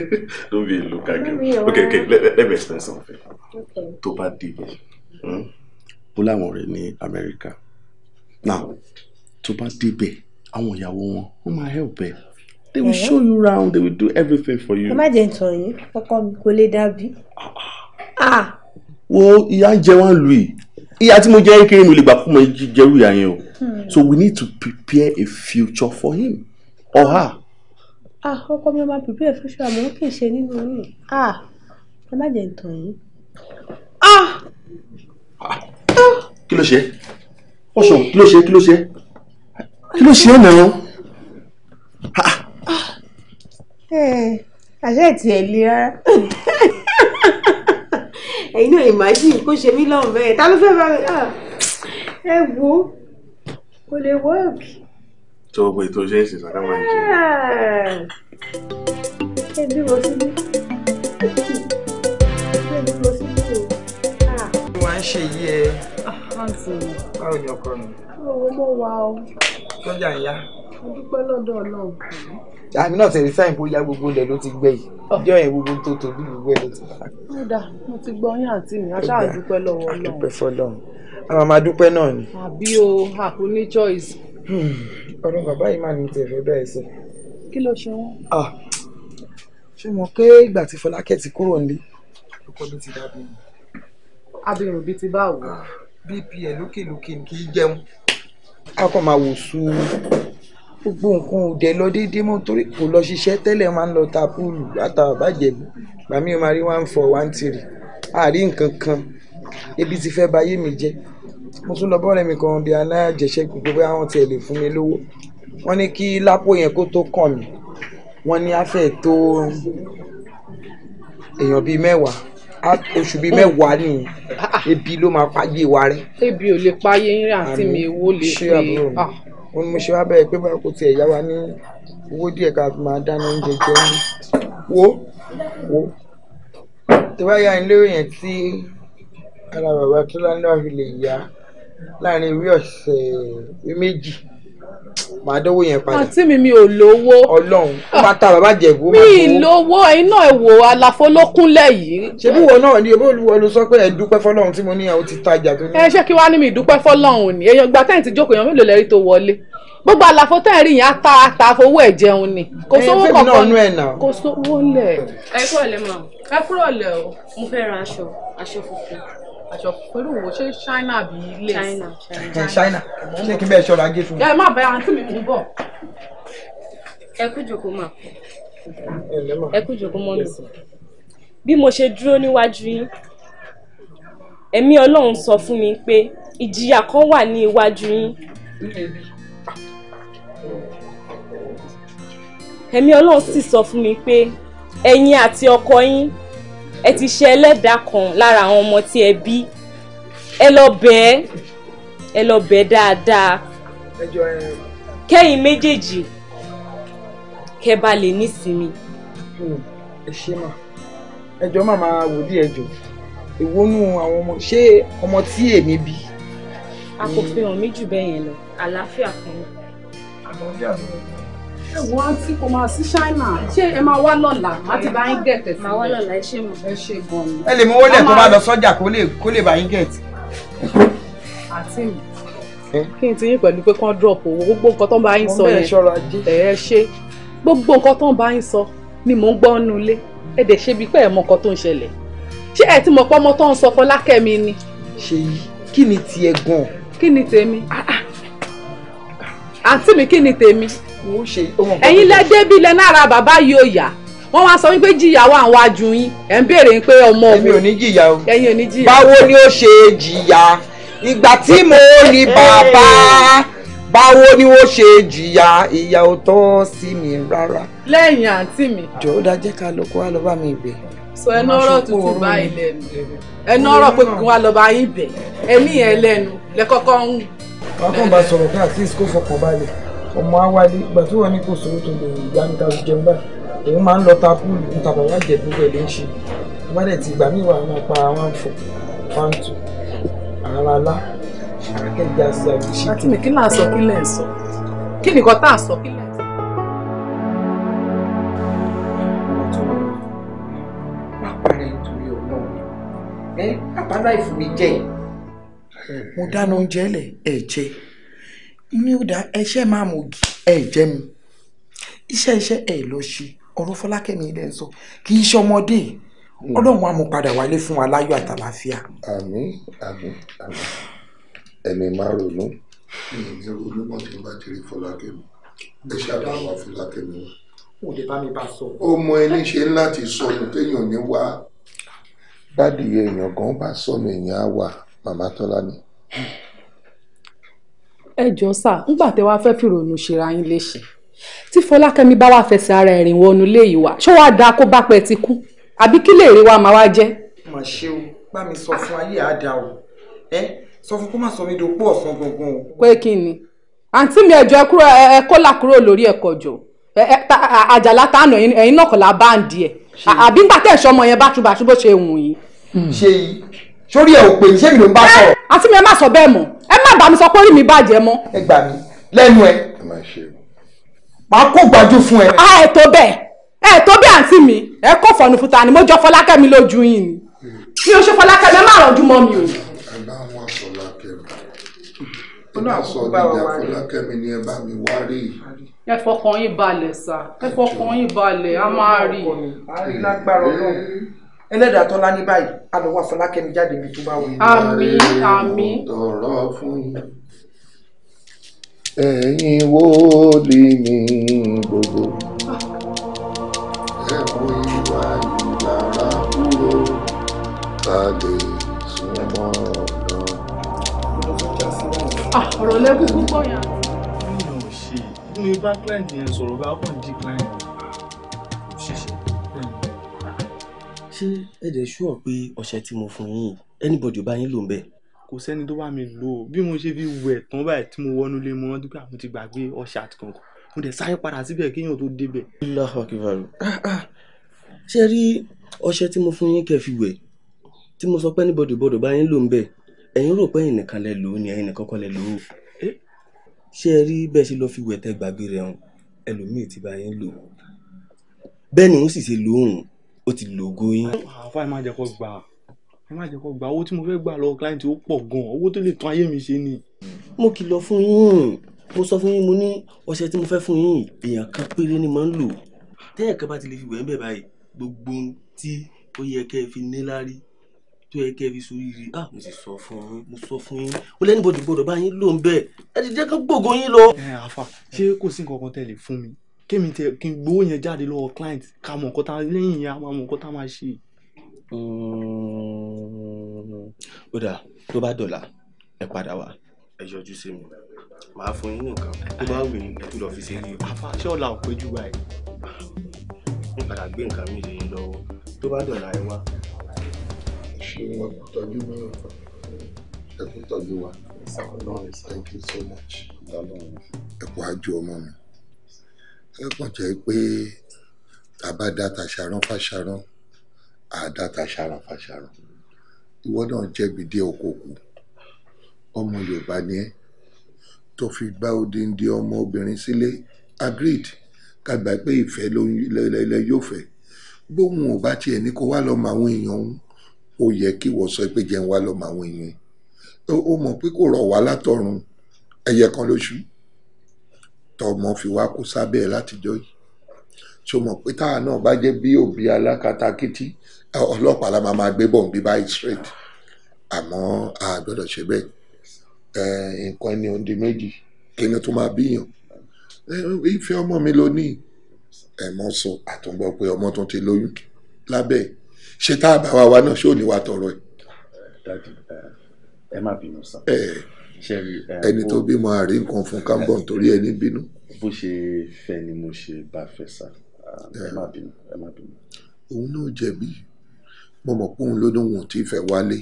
don't be a local girl okay okay let, let, let me explain something tó bá débẹ̀ Pula hmm? láwọn ọ̀rẹ́ ní Amẹ́ríkà now tó bá I want ìyàwó wọn wọ́n máa help ẹ they will eh? show you round they will do everything for you. ẹ má jẹ́ ntọ̀yìn ọkọ mi kò lè ah. ah, wo ìyá ń jẹ wá lù ìyá tí mo jẹ́ kékeré mi ò lè gbà fún mi jẹ́rú ìyá yẹn o hmm. so we need to prepare a future for him or her. ah ọkọ mi máa prepare fún ṣọ́ra mo kì í ṣe nínú oyún ah ẹ má jẹ́ ìtàn yìí. Ah! Ah! ah kí ló ṣe ọ̀ṣọ́ kí ló ṣe kí ló ṣe kí ló ṣe ọ̀nà ẹ̀rọ. Ah! Eh, àṣẹ ìtì ẹ̀ le rárá. ẹ̀yin náà imagine kó ṣe mí lọ́hùn bẹ́ẹ̀ ta ló fẹ́ bá ẹ wo kò lè work. tó o pè tó ṣe é sì sàdá máa ń jẹ. ẹ bí mo ti ní ṣe yí ẹ ah, àǹtí báwo ni ọkọ mi. owó mo wà o. ń yá. mo dúpẹ́ lọ́dọ̀ Ọlọ́run àmì náà tẹ̀lé sáyìn bóyá gbogbo ilẹ̀ ló ti gbẹ yìí ọjọ́ ah. yẹn gbogbo tó tóbi gbogbo ẹ̀ ló ti bá. ó dà mo ti gbọ́ yín àǹtí mi aṣáà dúpẹ́ lọ́wọ́ Ọlọ́run dúpẹ́ fọlọ́run a máa máa dúpẹ́ náà ni. àbí o àpò ní choice. Hmm, ọ̀rọ̀ bàbá yìí máa ní tẹ̀fẹ́ bẹ́ẹ̀ sí. kí ló ṣe wọ́n. Ah, ṣé mo pé ìgbà tí Fọlákẹ́ ti kúrò nílé lóko ló ti dábì mí. abirùn bíi ti báwo. Ah, bp ẹ̀ lókèlókè kì í jẹun. a kàn gbogbo nǹkan ò dẹ̀ lọ déédéé mọ́ torí kò lọ ṣiṣẹ́ tẹ́lẹ̀ máa ń lọ ta púùlù látara bàjẹ́bù bàmí o máa rí one four one three àárí nǹkan kan ebi ti fẹ́ bayé mi jẹ́ mo tún lọ bọ́ọ̀rẹ́ mi kan bíi alájẹsẹ́kù pé bóyá wọ́n tiẹ̀ lè fún mi lówó wọ́n ní kí lápò yẹn kó tó kàn mí wọ́n ní á tó èèyàn bíi mẹ́wàá oṣù bíi mẹ́wàá ni ebi ló máa pàgé wa rẹ. ebi ò lè payé yín àǹtí mi èwo lè pè é òun ni mo ṣe wá bẹ̀rẹ̀ pé báwo kò tiẹ̀ yá wa ní owó díẹ̀ ká fi máa dáná oúnjẹ jẹ ní wo wo tẹ́wá yá ni lérò yẹn tí ara bàbá tó láńdà fi lè yá láàrin ìwé ọ̀sẹ̀ ìwé méjì màá dánwò yẹn padà. àǹtí mi mi ò lówó. ọlọ́run ó máa ta bàbá jẹ̀bú. mi ì lówó ẹ̀yin náà ẹ wò àlàfo ló kúnlẹ̀ yìí. ṣebí wọn náà ni ebó olúwo ló sọ pé ẹ dúpẹ́ fọlọ́run tí mo ní àwọn ti tajà tó ní. ẹ ṣé kí wàá ní mi ìdúpẹ́ fọlọ́run ni èèyàn gba tẹ́yìn tí jókòó èèyàn mélòó lẹ́rí tó fọlé gbogbo àlàfo tẹ́ ẹ̀ rí yẹn ata ata fowó ẹ̀ jẹun ni kò sówó kankan kò sówó lẹ̀. ẹ kúrò lẹ́ o mo fẹ́ ra aṣọ aṣọ pẹ̀lú wo ṣé China bí lace. China China China ṣé kí n bẹ́ẹ̀ ṣọ́ra gé fún mi. ẹ má bẹ àǹtí mi mú bọ̀. ẹ kú jòkó mà ẹ kú jòkó mọ́ mi bí mo ṣe dúró níwájú yín ẹ̀mí Ọlọ́run sọ fún mi pé ìjìyà kan wà ní iwájú yín ẹ̀mí Ọlọ́run sì sọ fún mi pé ẹ̀yin àti ọkọ yín ẹ ti ṣe ẹlẹ́dàá kan lára àwọn ọmọ tí ẹ bí ẹ lọ bẹ́ẹ̀ ẹ lọ bẹ́ẹ̀ dáadáa kẹ́yìn méjèèjì kẹ́ bá lè nísinmi. Hmm, ẹ ṣe mà ẹjọ màmá wòlíì ẹjọ ìwónú àwọn ọmọ ṣé ọmọ tí èmi bí. a kò fi hàn mí jù bẹ́ẹ̀ yẹn lọ àlàáfíà kan. àlàáfíà kan ẹ̀wọ̀n àǹtí kò máa sí ṣáínà ṣé ẹ máa wá lọ́la má ti bá yín gẹ̀tẹ̀ sí. máa wá lọ́la ẹ ṣe mọ̀. ẹ ṣe gan-an. ẹ lè mú owó lẹ̀ tó bá lọ sọ́jà kó lè bá yín gẹ̀tì. àǹtí mi kí n ti yín pẹ̀lú pé kán drop owó gbogbo nǹkan tó ń bá yín sọ yẹn ẹ ṣe gbogbo nǹkan tó ń bá yín sọ ni mò ń gbọ́ nínú ilé ẹ dẹ̀ ṣe bí pé ẹ mọ nǹkan tó ń ṣẹlẹ̀ ṣé ẹ ti mọ̀ pé àǹtí mi kí ni tèmi kú ó lẹ débi lẹ náà bàbá yìí ó yá wọ́n wá sọ wípé jìyàwó àwọn ajú yín ń béèrè pé ọmọ òun. èmi ò ní jìyà o. ẹ̀yin ò ní jìyà. báwo ni ó ṣe jìyà ìgbà tí mo ní bàbá báwo ni ó ṣe jìyà ìyà ò tọ́ sí mi rárá. lẹ́yìn àǹtí mi. jọ̀ọ́ dá jẹ́ ká lọ kó wá lọ bá mi bẹ̀. sọ ẹnu ọ̀rọ̀ tuntun bá ilẹ̀ mi ẹnu ọ̀rọ̀ pé kó wá lọ bá yín bẹ̀ ẹ̀mí ẹ̀ lẹ́nu lẹ́kọ̀ọ́kọ́ ń. wákùnbà sọ̀rọ̀ pé àti ìsìkò fọkàn balẹ̀ ọmọ awálé ìgbà tí wọ́n ní kò sówó tó lè gbá níta jẹun báyìí èmi máa ń lọ ta púùlù níta bàbá jẹ̀bú pẹ̀lú ń ṣe bá dẹ̀ ti ìgbà míì wà máa pa one four one two ara lá àkẹ́jà sí àgbéṣe. àti mi kí là ń sọ kí lẹ̀ ń sọ kí nìkan tá à ń sọ kí lẹ̀ ń sọ. bàbá láìfù mi jẹ́ mo dáná oúnjẹ lẹ̀ ẹ̀ jẹ́ mi ò dá ẹṣẹ́ máa mọ̀ ògì ẹ jẹ́ mi iṣẹ́ iṣẹ́ ẹ lọ ṣe ọ̀rọ̀ fọlákẹ́mi ilẹ̀ ń sọ kì í ṣe ọmọdé hmm. ọlọ́run á mú padà wálé fún wa láyọ̀ àtàlàáfíà. àmín àmín àmín ẹ̀mí máa ronú. ẹ̀mí ronú mọ̀ tí n bá ti fọlákẹ́mi ẹ ṣàbáwá fọlákẹ́mi wa. o lè bá mi bá sọ. ọmọ ẹni ṣe láti sọnù téèyàn ní wá. bádìí èèyàn gan bá sọnù èèyàn á wà màmá tọ́lá ni. Hmm ẹ jọ sà ńgbà tẹ wàá fẹ́ fìrònú ṣera yín léṣe tí fọlákẹ́mi bá wà fẹsẹ̀ ara ẹ̀rìn wọnú ilé yìí wá ṣó wàá dáa kó bá pẹ́ ti kú àbí kí lè rí wa máa wá jẹ́. mà ṣe o bá mi sọ fún ayé àdá o ẹ sọ fún kó má sọ mi dòpọ̀ ọ̀sán gangan o. pé kí ni àǹtí mi ẹjọ ẹ kó là kúrò lórí ẹkọ jọ àjàlá tánà ẹ̀yin náà kọlà báǹdì ẹ àbí ńgbà tẹ ẹṣọ ọmọ yẹn bá túbà túbọ ṣe wù yín. ṣe yìí sórí ẹ ò pè ní sẹ́mi ló ń bá sọ̀rọ̀. àǹtí mi ẹ má sọ bẹ́ẹ̀ mọ́ má bá mi sọ pé orí mi bàjẹ́ mọ́. ẹ gbà mí lẹ́nu ẹ máa kó gbájú fún ẹ. a ah, ẹ tó bẹ́ẹ̀ ẹ tó bẹ́ẹ̀ àǹtí mi ẹ kó fọnù fúta ni mo jọ fọlákẹ́mi lójú yín ni mi ò ṣe fọlákẹ́mi ẹ má rọ̀jú mọ́ mi o. ẹ bá wọn fọlákẹ́mi ìbá sọ nígbà fọlákẹ́mi ni ẹ bá mi wá rí i. ẹ fọkàn yín balẹ̀ sá ẹ fọkàn yín balẹ̀ a máa rí i. a rí lágbára náà ẹlẹ́dàá tọ́lá ní báyìí a lọ jáde mi tó bá wọ ilé. àmín àmín. ẹ̀yin wo lè mi gbogbo. ẹ ìwà ìlara kúrò ká lè súnmọ́ ọ̀nà. Ah, ọ̀rọ̀ lẹ́kùn púpọ̀ yàrá. mi ò ṣe mi bá client yẹn sọ̀rọ̀ bá kàn dí client. ṣé ẹ dẹ̀ ṣúọ̀ pé ọṣẹ tí mo fún yín anybody ò bá yín lò ń bẹ̀. kò sẹ́ni tó bá mi lò ó bí mo ṣe fi wẹ̀ tán báyìí tí mo wọnú ilé mo rántí pé àwọn ti gbàgbé ọṣẹ àti kànkàn mo dẹ̀ sáré padà síbẹ̀ kéèyàn tó débẹ̀. Allahu rí ọṣẹ tí mo fún yín kẹ́ fi wẹ̀ tí mo sọ pé anybody gbọ́dọ̀ bá yín lò ń bẹ̀ ẹ̀yin rò pé ẹ̀yin nìkan lẹ lò ó ni ẹ̀yin nìkan kọ́ lẹ lò ó ṣé ẹ rí bẹ́ẹ̀ ṣe lọ fi wẹ̀ tẹ́ gbàgbé rẹ̀ hàn ẹlòmíì ti bá yín lò bẹ́ẹ̀ ni òun sì ṣe lò òun ó ti lògo yín. àfa ẹ má jẹ́ kó gbà ẹ má jẹ́ kó gbà owó tí mo fẹ́ gbà lọ́wọ́ client ó pọ̀ gan owó tó lè tún ayé mi ṣe ni. mo kìlọ̀ fún yín mo sọ fún yín mo ní ọṣẹ tí mo fẹ́ fún yín èèyàn kan péré ni mo ń lò tẹ́yàn kan bá ti lè fi wẹ̀ ń bẹ̀ báyìí gbogbo tí ó yẹ kẹ́ ẹ fi níláárí tó yẹ kẹ́ ẹ fi soríire ah mo sì sọ fún yín mo sọ fún yín mo lẹ́nu bọ̀dọ̀ gbọ́dọ̀ bá yín lò ń bẹ̀ ẹ ti jẹ́ kó gbògo yín lọ. ẹ àfà ṣé kò sí nǹkan kan tẹ́ lè fún mi kémi tẹ kí n gbowó yẹn jáde lọ́wọ́ client ká mọ̀ nǹkan tá lẹ́yìn yẹn a máa mọ̀ nǹkan tá máa ṣe. ó dà tó bá dọ̀là ẹ padà wá ẹ yọjú sí mi màá fún yín nǹkan tó bá wù yín ẹ tún lọ fi ṣe yín. àfa ṣé ọ̀la ò péjú báyìí. n padà gbé nǹkan mi lè lọ́wọ́ tó bá dọ̀là ẹ wá. ṣé wọn kò tọ́jú mi ẹ kò tọ́jú wa. thank you so much. ẹ kò àjò ọmọ mi ẹ kàn jẹ́ pé tá a bá dá tàṣàrán fàṣàrán á dá tàṣàrán fàṣàrán ìwọ náà jẹ̀bi dé okòkò ọmọ Yorùbá ni ẹ́ tó fi gbá odindi ọmọ obìnrin sílé agreed kàgbà pé ìfẹ́ lẹ́lẹ́ yóò fẹ́ bóun ò bá tiẹ̀ ní kó wá lọ́mọ àwọn èèyàn òun ó yẹ kí wọ́n sọ pé jẹun wá lọ́mọ àwọn èèyàn ó mọ̀ pé kò rọ̀ wá látọ̀run ẹyẹ kan lóṣù tọmọ fi wá kó sábẹ́ ẹ̀ látijọ́ yìí ṣó mọ̀ pé táwa náà bá jẹ́ bí òbí alákatakítí ọlọ́pàá la máa máa gbé bọ̀ báyìí straight àmọ́ a gbọ́dọ̀ ṣe bẹ́ẹ̀ nǹkan ẹni òǹdí méjì kí ni tó máa bíyàn ìfẹ́ ọmọ mi ló ní ẹ̀mọ́ sọ àtúngbọ́ pé ọmọ tó ti lóyún lábẹ́ ṣe tá a bá wa wa náà ṣé ò ní wa tọrọ ẹ̀. ẹ má bínú sá ẹni tó bímọ àrí nǹkan fún kámbọ̀n torí ẹni bínú. bó ṣe fẹ́ ni mo ṣe bá fẹ́ sá ẹ má bínú ẹ má bínú. òun náà jẹ̀bi mo mọ̀ pé òun ló ní òun tí ìfẹ́ wálé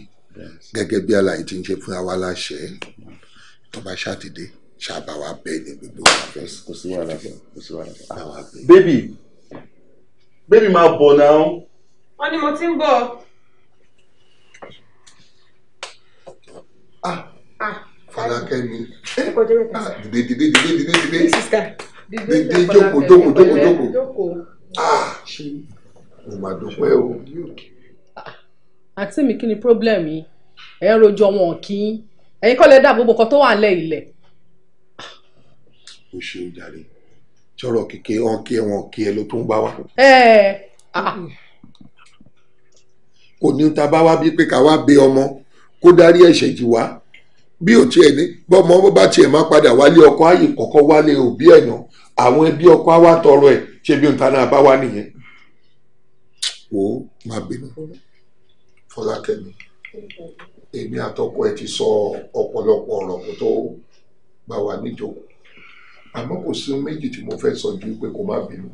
gẹ́gẹ́ bí àlàyé ti ń ṣe fún àwa láṣẹ tọba ṣàtìdé ṣàbà wa ni gbogbo wa fẹ́. kò sí wàhálà kò sí wàhálà. bébì bébì máa bọ̀ náà. wọ́n ní mo ti ń bọ̀. ah Fọlákẹ́ ni ah, dìde dìde dìde dìde dìde dìde jókòó jókòó jókòó ah, mo máa dúpẹ́ o. Ah, àǹtí mi kí ni problem yìí ẹ̀ ń rojọ́ wọn kí ẹ̀yin kọ́ lẹ dá gbogbo kan tó wà lẹ́ ilẹ̀. o ṣeun jàre sọ̀rọ̀ kíkẹ́ wọn kí ẹ wọn kí ẹ ló tún bá wa. kò ní ta bá wá bí pé ká wá bẹ ọmọ kó dárí ẹ̀ṣẹ̀ jì wá bí ò tiẹ̀ ní bọ́mọ bá tiẹ̀ máa padà wálé ọkọ ayé kọ́kọ́ wálé òbí ẹ̀ náà àwọn ẹbí ọkọ á wá tọrọ ẹ̀ ṣé bí nǹkan náà bá wá nìyẹn. wò ó máa bínú Fọlákẹ́mi èmi àtọkọ ẹ ti sọ ọ̀pọ̀lọpọ̀ ọ̀rọ̀ kó tó gbà wá níjókòó àmọ́ kò sí méjì tí mo fẹ́ sọ ju pé kó má bínú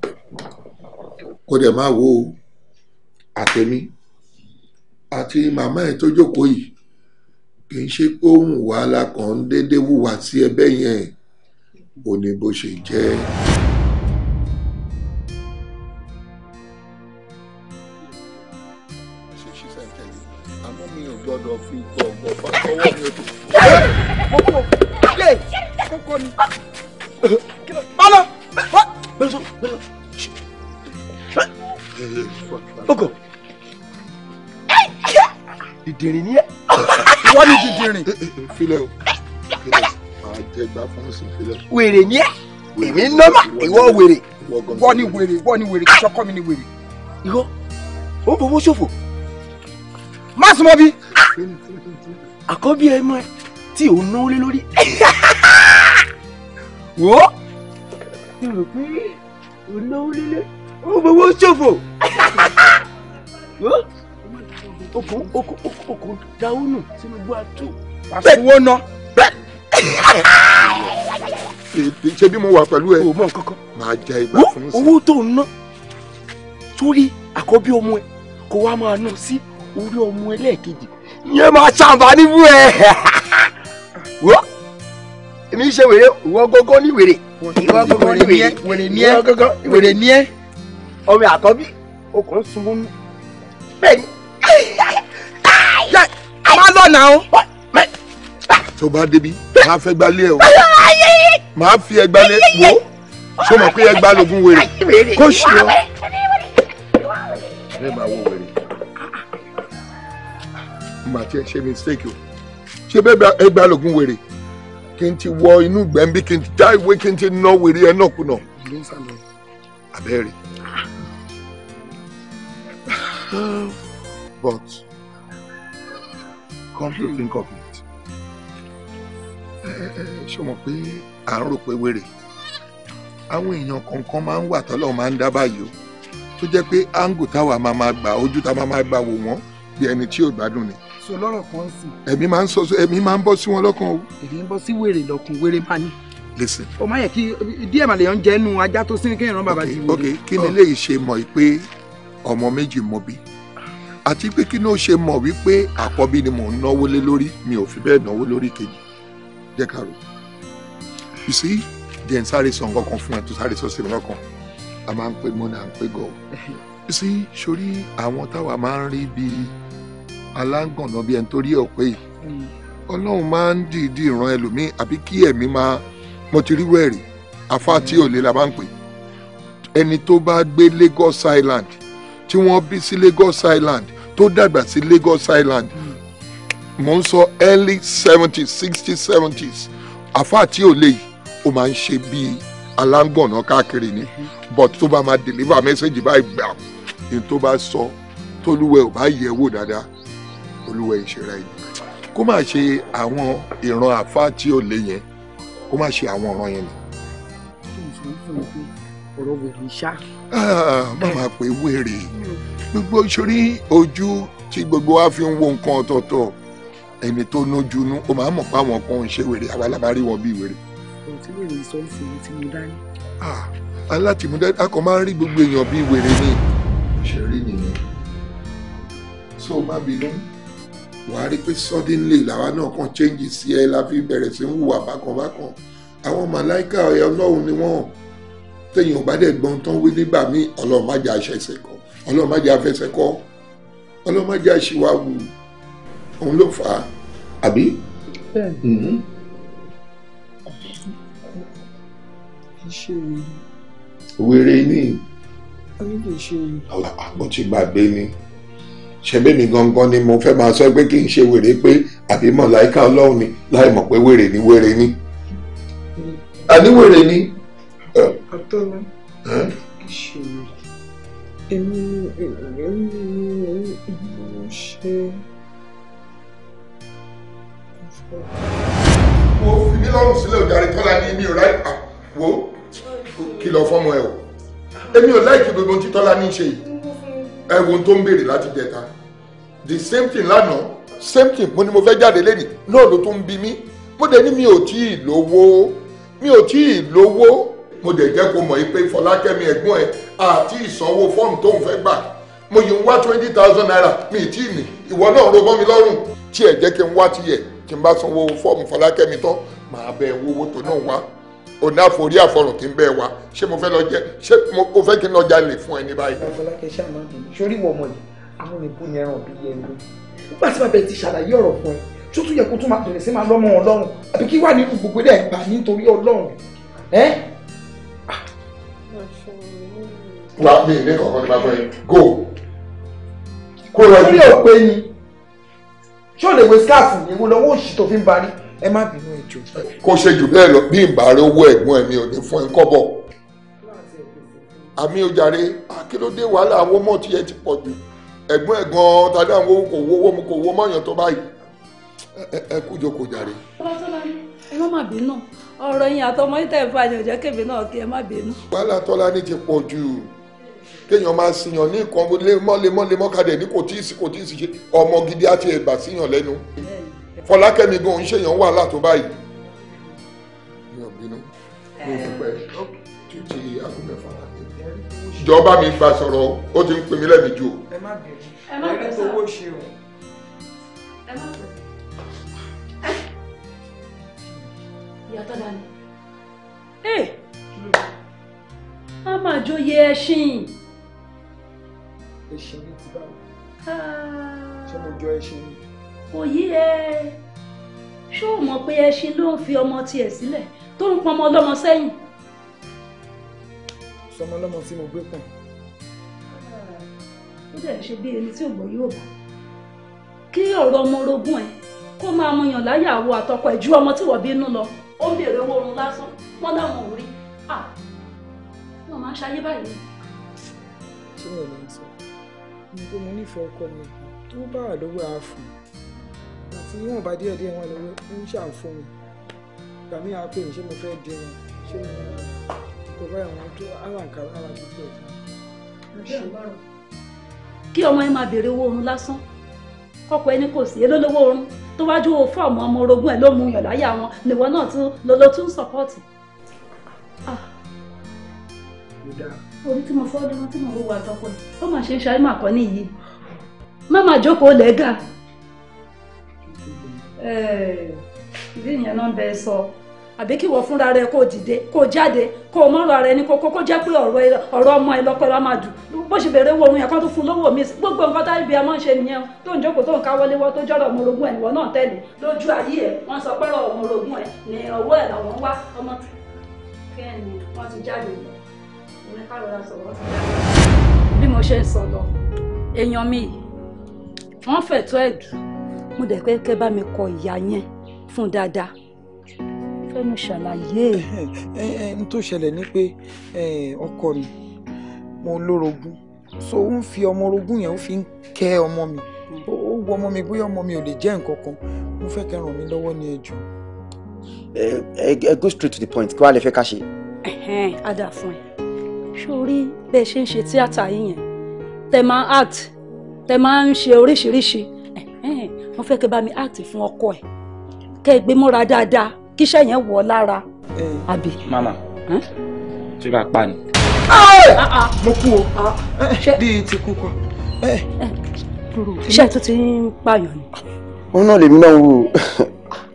kó dẹ̀ má wo àtẹ̀mí àti màmá ẹ̀ tó jókòó yìí kì í ṣe pé òun wà lákàn ń déédéé wùwà sí ẹbẹ́ yẹn ò ní bó ṣe jẹ́. Bala! Bala! ni ẹ wọ́n ní dídìrín. Eh, eh, eh, filẹ o filẹ máa jẹ gbà fún sí filẹ. wèrè ni ẹ èmi ń nọ́mà ìwọ wèrè wọ́n ní wèrè wọ́n ní wèrè kí sọ́kọ́ mi ní wèrè. ìwọ ó ń fowó ṣòfò. má súnmọ́ bí. àkọ́bí ẹ mọ ẹ tí ò ń náwó lé lórí. wò ó. mo rò pé ò ń náwó lé lórí ó ń fowó ṣòfò. okùn okùn okùn dawunu tinubu atu. pàṣẹwó ná bẹ́ẹ̀. ṣé bí mo wà pẹ̀lú ẹ. o mọ kankan. máa jẹ ìgbà fún sí. owó tó ń ná torí àkọ́bí ọmọ ẹ kó wá máa ná sí orí ọmọ ẹlẹ́ẹ̀kejì yẹn máa ṣàǹfààní fún ẹ. wọ́n èmi ṣe wèrè ìwọ gógó ní wèrè ìwọ gógó ní wèrè wèrè ní ẹ wèrè ní ẹ ọmọ àkọ́bí okùn sunbọnú bẹ́ẹ̀ ni má lọ́nà ah! o. tó bá débi máa fẹ́ gbalẹ̀ o máa fi ẹgbàlẹ̀ wò ó ṣó mọ̀ pé ẹgbàá lógún wèrè kó ṣe o. bẹ́ẹ̀ máa wọ wèrè mà tiẹ̀ ṣe mistake o ṣé bẹ́ẹ̀ ẹgbàá lógún wèrè kí n ti wọ inú gbẹ̀mbí kí n ti já ìwé kí n ti ná wèrè ẹ̀ náà kùnà abẹ́rẹ́. But come to think of it, ṣé o mọ̀ pé à ń rò pé wèrè àwọn èèyàn kọ̀ọ̀kan máa ń wà tọ́lọ́ máa ń dá báyìí o tó jẹ́ pé áńgù táwa máa máa gbà ojú táwa máa gbà wò wọ́n bí ẹni tí ò gbádùn ni. sọ lọ́rọ̀ kan sí. ẹ̀mí máa ń sọ ẹ̀mí máa ń bọ́ sí wọn lọ́kàn o. èmi ń bọ́ sí wèrè lọ́kùn wèrè máa ní. listen. o má yẹ kí díẹ̀ màlẹ̀ yẹn ń jẹ́ nu ajá tó sí ní kéèyàn rán bàbá ti wèrè. ok ok kí ni eléyìí ṣe mọ̀ pé ọmọ méjì mọ bí àti pé kí ló ṣe mọ̀ wípé àkọ́bí ni mò ń náwó lé lórí mi ò fi bẹ́ẹ̀ náwó lórí kejì jẹ́ ká rò you see jẹ́ n sáré sọ nǹkan kan fún ẹ tó sáré sọ sí mi lọ́kàn a máa ń pè mọ́nà à ń pè gọ̀ you see sórí àwọn táwa máa ń rí bí aláǹgànná bí ẹni tó rí ọ̀pẹ yìí ọlọ́run máa ń dìídì ran ẹlòmíín àbí kí ẹ̀mí máa mo ti rí wẹ̀rì afá tí ò lè la máa ń pè ẹni tó bá gbé Lagos Island tí wọ́n bí sí Lagos Island tó dàgbà sí Lagos Island mo ń sọ early seventies sixty seventies àfa tí ò lè yìí ó máa ń ṣe bíi aláǹgànná káàkiri ni but tó bá máa deliver message báyìí gbà ní tó bá sọ tólúwẹ̀ ò bá yẹ̀ wò dáadáa olúwẹ̀ ìṣẹ̀ra ẹ̀yìn kó má ṣe àwọn ìran àfa tí ò lè yẹn kó má ṣe àwọn ọ̀ràn yẹn ni. ọ̀rọ̀ wèrè ṣá. Ah, má máa pè wèrè gbogbo sórí ojú tí gbogbo wa fi ń wo nǹkan ọ̀tọ̀ọ̀tọ̀ ẹni tó nójú nú ó máa ń mọ̀ pé àwọn kan ń ṣe wèrè àwa la máa rí wọn bí wèrè. òtí lè rí sọ fún mi tí mo dá ní. Ah, alátìmúdá akọ máa ń rí gbogbo èèyàn bí wèrè ni ṣe rí nìyẹn so má bínú wà á rí pé suddenly làwa náà kàn change sí ẹ la fi bẹ̀rẹ̀ sí ń hùwà bákanbákan àwọn màláìka ọlọ́run ni wọ́n tẹ̀yìn ò bá dẹ̀ gbọ́n tán wí nígbà míì ọlọ́run má jà àṣẹ ìṣẹ̀kọ́ ọlọ́run má jẹ́ afẹsẹ̀kọ́ ọlọ́run má jẹ́ aṣíwáwù òun ló fà á àbí. bẹ́ẹ̀ mhm. wèrè ni ó ti gbàgbé ni ṣebí mi gangan ni mo fẹ́ máa sọ pé kí n ṣe wèrè pé àbí mọ̀ láìka ọlọ́run ni láì mọ̀ pé wèrè ni wèrè ni àníwèrè ni. àtọ́nà kì í ṣe wèrè èmi èmi èmi mo ṣe. mo fi mí lọ́rùn sílẹ̀ òjàre tọ́lá ní mi ò ráì pa wo kìlọ̀ fọ́mọ ẹ o èmi ò láìkí gbogbo ohun tí tọ́lá ní í ṣe yìí ẹ wo ohun tó ń béèrè láti jẹta the same thing lánàá same thing mo ní mo fẹ́ jáde lẹ́nì náà ló tún ń bi mí mo dẹ̀ ní mi ò tí ì lówó mi ò tí lówó mo dẹ̀ jẹ́ kó mọ̀ yìí pé fọlákẹ́mi ẹ̀gbọ́n ẹ̀ àti ìsanwó fọ́ọ̀mù tóun fẹ́ gbà mo yìí ń wá twenty thousand naira mi ì tí ì ní ìwọ náà ro bọ́ mi lọ́rùn tí ẹ̀ jẹ́ kí n wá tiẹ̀ tí n bá sanwó fọ́ọ̀mù fọlákẹ́mi tán màá bẹ owó tó náà wá òní àforí àfọrùn tí ń bẹ wa ṣé mo fẹ́ lọ jẹ ṣé mo fẹ́ kí n lọ jalè fún ẹni báyìí. àfọlákẹ́ ṣáà máa ń bì yìí àwọn ìbò wà mí ilé kọ̀ọ̀kan ní bàbá yẹn go kó lọ sí ìlú ọ̀pẹ ni ṣé o lè wé skáàfù mo ìwọ lọ́wọ́ òṣì tó fi ń ba ní ẹ má bínú ẹjọ́. kó ṣe jù bẹ́ẹ̀ lọ bí ìbàárẹ̀ owó ẹ̀gbọ́n ẹ̀mí ò ní fún ẹ kọ́bọ̀ àmì ojàre akéròdé wàhálà àwọn ọmọ tí yẹ ti pọ̀ jù ẹ̀gbọ́n ẹ̀gbọ́n tàbí àwọn owó kò wọ́wọ́ mu kò wọ́ mọ́yàn tó báyìí ẹ kú jókòó jàre. ẹ má má bínú ọ̀rọ̀ yín àtọmọ yín tẹ̀ fún àjọjọ́ kébì náà kí ẹ má bínú. wàhálà tọ́lá ní ti pọ̀ jù kéèyàn máa sìyàn ní nǹkan lemọ́lemọ́lemọ́ kadẹ̀ ní kò tíì sí kò tíì sí ṣe ọmọ gidi àti ẹ̀gbà síyàn lẹ́nu fọlákẹ́mi gan òun ṣèyàn wàhálà tó báyìí mi ò bínú mi ò dúpẹ́ títí aago mẹ́fà láti ìjọba mi gba sọ̀rọ̀ ó ti ń pè mí lẹ́mìí jù. ẹ má bẹ̀rù ẹ má bẹ̀rù owó ṣe o ẹ má bẹ̀rù. ìyàtọ̀ dání. ẹ eh! a máa jọ yẹ ẹṣin ẹṣin ní ti báwo ah. ṣé mo jọ ẹṣin ni. òyì ẹ ṣó o mọ̀ pé ẹṣin ló ń fi ọmọ tiẹ̀ sílẹ̀ tó ń pọnmọ ọlọ́mọ sẹ́yìn. sọmọ ọlọ́mọ tí mo gbé pọ̀. Ah. ó dẹ̀ ṣe bí ẹni tí ò gbọ́ yóò bá kí ọ̀rọ̀ ọmọ orogún ẹ kó máa mọyàn láyà àwọ àtọkọ ẹ ju ọmọ tí wọ́n bínú lọ ó ń béèrè owó oorun lásán wọ́n láwọn ò rí ah. wọ́n máa ń ṣayé báyìí. kí ni èmi sọ ni mo nífẹ̀ẹ́ ọkọ mi tó bá wà lówó àáfù àti níwọ̀n bá díẹ̀ díẹ̀ wọn lówó ń ṣàǹfọ̀ mi gbà mí àá ṣé mo fẹ́ dín wọn ṣé mo kò bá àwọn tó àràǹkà rárá tó pẹ̀ fún mi. kí ọmọ yẹn máa béèrè owó oorun lásán kọkọ ẹni kò sí elólówó oorun tó wájú owó ọmọ orogún ẹ ló mú yàn láyà wọn nìwọ náà tún lọ tún sọpọ́ọ̀tì. mo ah. dáa orí tí mo fọ́ lọ́wọ́ tí mo wọ àtọkọ ẹ̀ ó mà ṣe ń ṣayé màkọ́ nìyí má má jókòó lẹ́gà ìdí ìyẹn náà ń bẹ sọ àbí kí wọ́n fúnra rẹ kó dìde kó jáde kó o mọ́rọ̀ ara ẹni kókó kó jẹ́ pé ọ̀rọ̀ ọmọ ẹ lọ́pẹ́ lọ́mọ àdùn bó ṣe bèrè owó òun yẹn kan tó fún lówó mi gbogbo nǹkan tá ibi ọmọ ń ṣe nìyẹn tó ń jókòó tó ń káwọ́léwọ́ tó jọ́rọ̀ ọmọ orogún ẹ̀ ìwọ náà tẹ̀lé lójú ayé ẹ̀ wọ́n sọ pé ọmọ orogún ẹ̀ ní ọwọ́ ẹ̀ làwọn wá ọmọ kẹ́ni wọ́n ti jáde lọ bí mo ṣe ń sọ lọ èèyàn mi yìí wọ́n fẹ̀tọ́ ẹ̀dù mo dẹ̀ pé kẹ́ bá mi kọ ìyá yẹn fún dáadáa fẹ́nu ṣàlàyé. n tó ṣẹlẹ̀ ni pé ọkọ mi mo lórogún so ó ń fi ọmọ orogún yẹn ó fi ń kẹ́ ọmọ mi ó wọ ọmọ mi bóyá ọmọ mi ò lè jẹ́ nǹkan kan mo fẹ́ kẹ́ ràn mí lọ́wọ́ ní ẹjọ́. ẹ ẹ go straight to the point kí wàá lè fẹ́ ká ṣe. ẹ ẹ fún ẹ sórí bẹ́ẹ̀ ṣe ń ṣe tíátà yìí yẹn tẹ máa act tẹ máa ń ṣe oríṣiríṣi wọ́n fẹ́ kẹ́ bá mi act fún ọkọ ẹ̀ kẹ́ ẹ gbé mọ́ra dáadáa kíṣẹ́ yẹn wọ̀ ọ́ lára eh, àbí. mama ṣé bá a pa ni. Ah, ah, mo kú o ah, eh, bí ti kú kọ. Eh. iṣẹ́ tó ti ń pààyàn ni. òun náà lèmi náà wò ó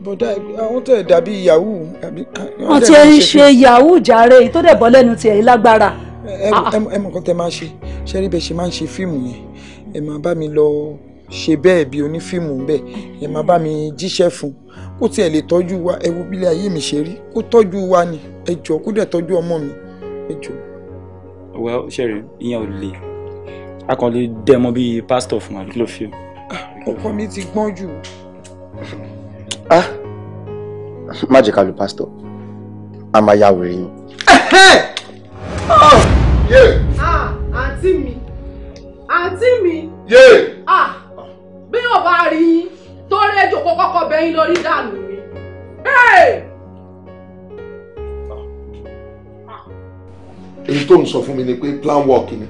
bọ̀dá àwọn tẹ̀ dàbí yahoo. wọ́n ti ń ṣe yahoo jàre tó dẹ̀ bọ́ lẹ́nu tiẹ̀ lágbára ẹ ah, ah. mọ̀ nǹkan tẹ máa ṣe ṣe rí bẹ́ẹ̀ ṣe máa ń ṣe fíìmù yẹn ẹ máa bá mi lọ ṣe bẹ́ẹ̀ bí onífíìmù bẹ́ẹ̀ ẹ máa bá mi jíṣẹ́ fún kó tiẹ̀ lè tọ́jú wa ẹ wo bílẹ̀ ayé mi ṣe rí kó tọ́jú wa ni ẹ jọ kó dẹ̀ tọ́jú ọmọ mi ẹ jọ. well sherry ìyẹn ò le a kàn lè dẹ mọ bíi pásítọ̀ fún wa kí ló fi. Ah, ọkọ mi ti gbọ́n jù. ah má jẹ́ ká lu pásítọ̀ a máa yá wèrè yín. Ah, àǹtí mi àǹtí mi ah, bí wọ́n bá rí yín tó rẹ́jò kọ́kọ́kọ́ bẹ́yìn lórí dànù mi. Ah. èyí tó ń sọ fún mi ni pé plan work ni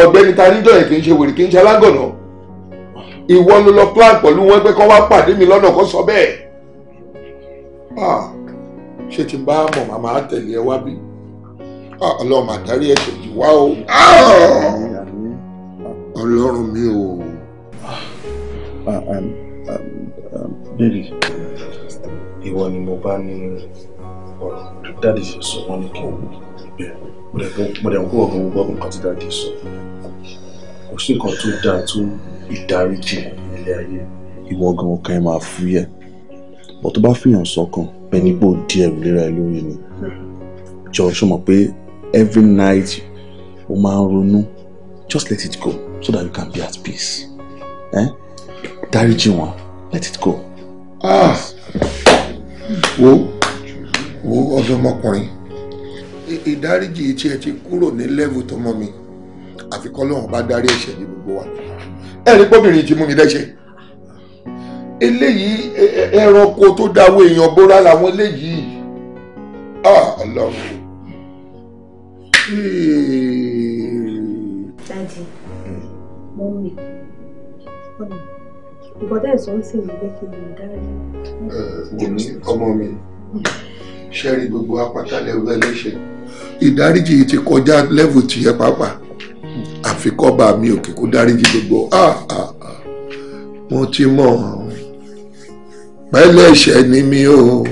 ọ̀gbẹ́ni ta níjọ́ yẹn kì í ṣe wèrè kì í ṣe alágọ̀nà ìwọ ló lọ plan pẹ̀lú wọn pé kọ́ wá pàdé mi lọ́nà kó sọ bẹ́ẹ̀ ṣé tí n bá mọ̀ màmá tẹ̀lé ẹ wá bí. Ah, ọlọ́run máa dárí ẹ̀ṣẹ̀ yìí wá o ah, ọlọ́run mi o. Ah, um, um, bẹ́ẹ̀ni ìwọ ni mo bá ní ọ̀rọ̀ dáàdì ṣe sọ wọ́n ní kí n bẹ̀rẹ̀ mo dẹ̀ ń kó ọ̀gbọ́n gbọ́ nǹkan tí dáàdì sọ kò sí nǹkan tó dáa tó ìdáríjì ilé ayé ìwọ gan kan ẹ máa fúyẹ́ bọ́ tó bá fìyàn sọ́kàn bẹ́ẹ̀ ni pé ó lera ẹ lórí ni jọ ṣó mọ̀ pé every night o máa ń ronú just let it go so that you can be at peace eh? dáríjì wọn let it go. Ah. wo wo ọ̀dọ́mọkùnrin ìdáríjì tí ẹ ti kúrò ní lẹ́vù tọmọ mi àfi kọ́ lóun bá dárí ẹ̀ṣẹ̀ ní gbogbo wa ẹ̀rí pọ́bìnrin ti mú mi dẹ́ṣẹ̀ eléyìí ẹranko tó dáwọ́ èèyàn bóra làwọn eléyìí ah ọlọ́run. Daddy, hmm. mommy, ọ̀nà ìbọ̀dá ẹ̀sọ́ ń sìn mí pé kí n dárí. Wùmí ọmọ mi, ṣe rí gbogbo apáta lẹ́wọ́ ẹlẹ́ṣẹ̀. Ìdáríjì ti kọjá lẹ́vù tìyẹ pàápàá. Àfikọ́ba mi òkè kó dáríjì gbogbo. Ah, ah, ah. Mo ti mọ̀ pẹ́lẹ́ṣẹ̀ ni mi o.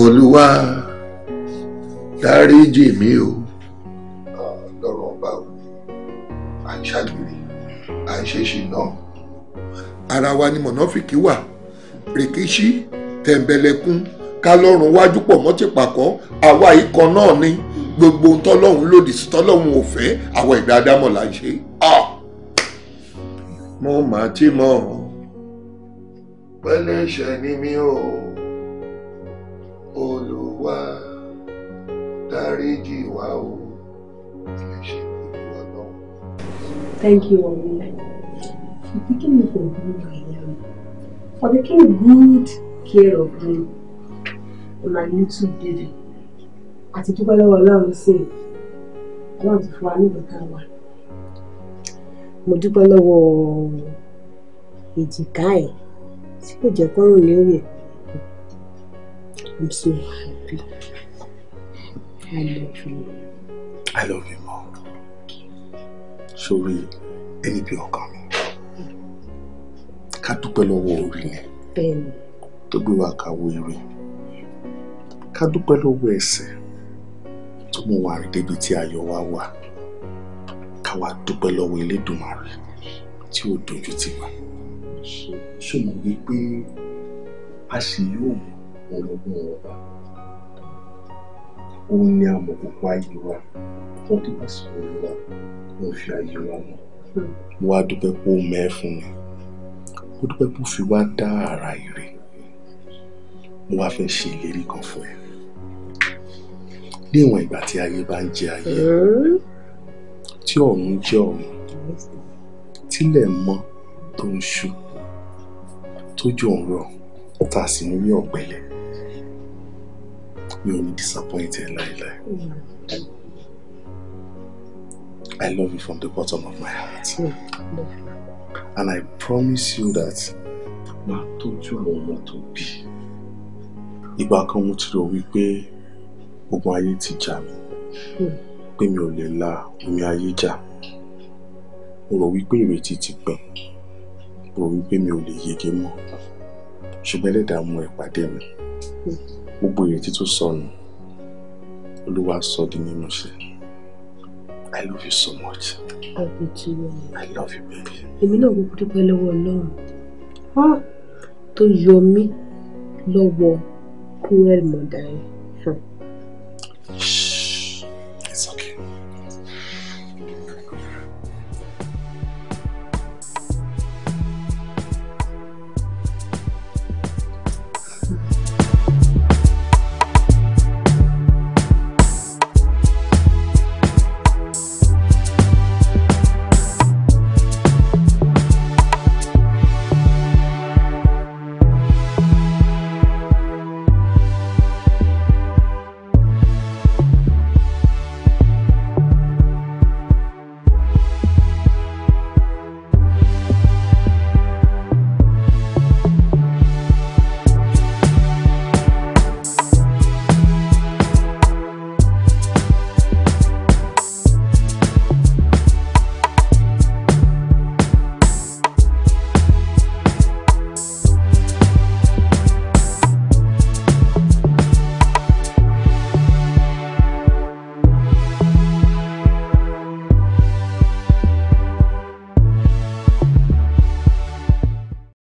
Olúwa dáríjì mi o. lọ́rọ̀ ọba o à ń ṣàgbèrè à ń ṣe ṣìnà. ara wa ni mọ̀nàfìkì wà rèkíṣí tẹ̀m̀bẹ̀lẹ̀kún ká lọ́rùn wájú pọ̀ mọ́ ti pàkọ́ àwa ikọ̀ náà ni gbogbo tọ́lọ́hún lòdì sí tọ́lọ́hún ò fẹ́ ìgbà àdámọ̀ là ń ṣe. mo mà ti mọ̀ pẹ́lẹ́ṣẹ̀ ni mi ò olùwà dáríjì wá o thank you omi for taking me for who I am for taking good care of me and my little baby àti dúpẹ́ lọ́wọ́ ọlọ́run sí i ọlọ́run ti fún wa nígbà tá a wà mo dúpẹ́ lọ́wọ́ èjìká ẹ̀ I'm so happy. I love you. I love you more. Sori, ẹni bí ọkàn mi. Ká dúpẹ́ lọ́wọ́ orí ni. Bẹ́ẹ̀ni. Tó gbé wa kàwé eré. Ká dúpẹ́ lọ́wọ́ ẹsẹ̀ tó mú wa rìn débi tí ayọ̀ wa wà. Ká wa dúpẹ́ lọ́wọ́ Elédùmarè tí ó dojú tì wá. Ṣé mo wí pé a ṣì yóò mú ọlọ́gbọ́n òun ni amọ̀kòkò ayé wa tó ti bá sọ̀rọ̀ wa ló fi ayé wa mọ̀ wá dúpẹ́ pé ó mẹ́ fún mi mo dúpẹ́ pé ó fi wá dá ara ire mo wá fẹ́ ṣe ìlérí kan fún ẹ ní ìwọ̀n ìgbà tí ayé bá ń jẹ ayé tí ọ̀run jẹ́ ọ̀run tílẹ̀ mọ́ tó ń ṣú tójú ọ̀rọ̀ tá a sì ń rí mi only disappointed, Laila. ẹ I love you from the bottom of my heart. Hmm, And I promise you that máa tọ́jú àwọn ọmọ tó bí. Ìgbà kan mo ti rò wípé ogun ayé ti jà mí. Hmm. Pé mi ò lè la omi ayé jà. Mo rò wípé ìrètí ti pẹ́. Mo rò wípé mi ò lè yege mọ́. Ṣùgbọ́n ẹlẹ́dàá mú ẹ̀ pàdé mi. Hmm gbogbo ìrètí tó sọnù olúwa sọ di nínú ṣe i love you so much. i love you too i love you baby. èmi náà gbogbo dúpẹ́ lọ́wọ́ ọlọ́run ah, tó yọ mí lọ́wọ́ cruel mother yẹn. Hmm.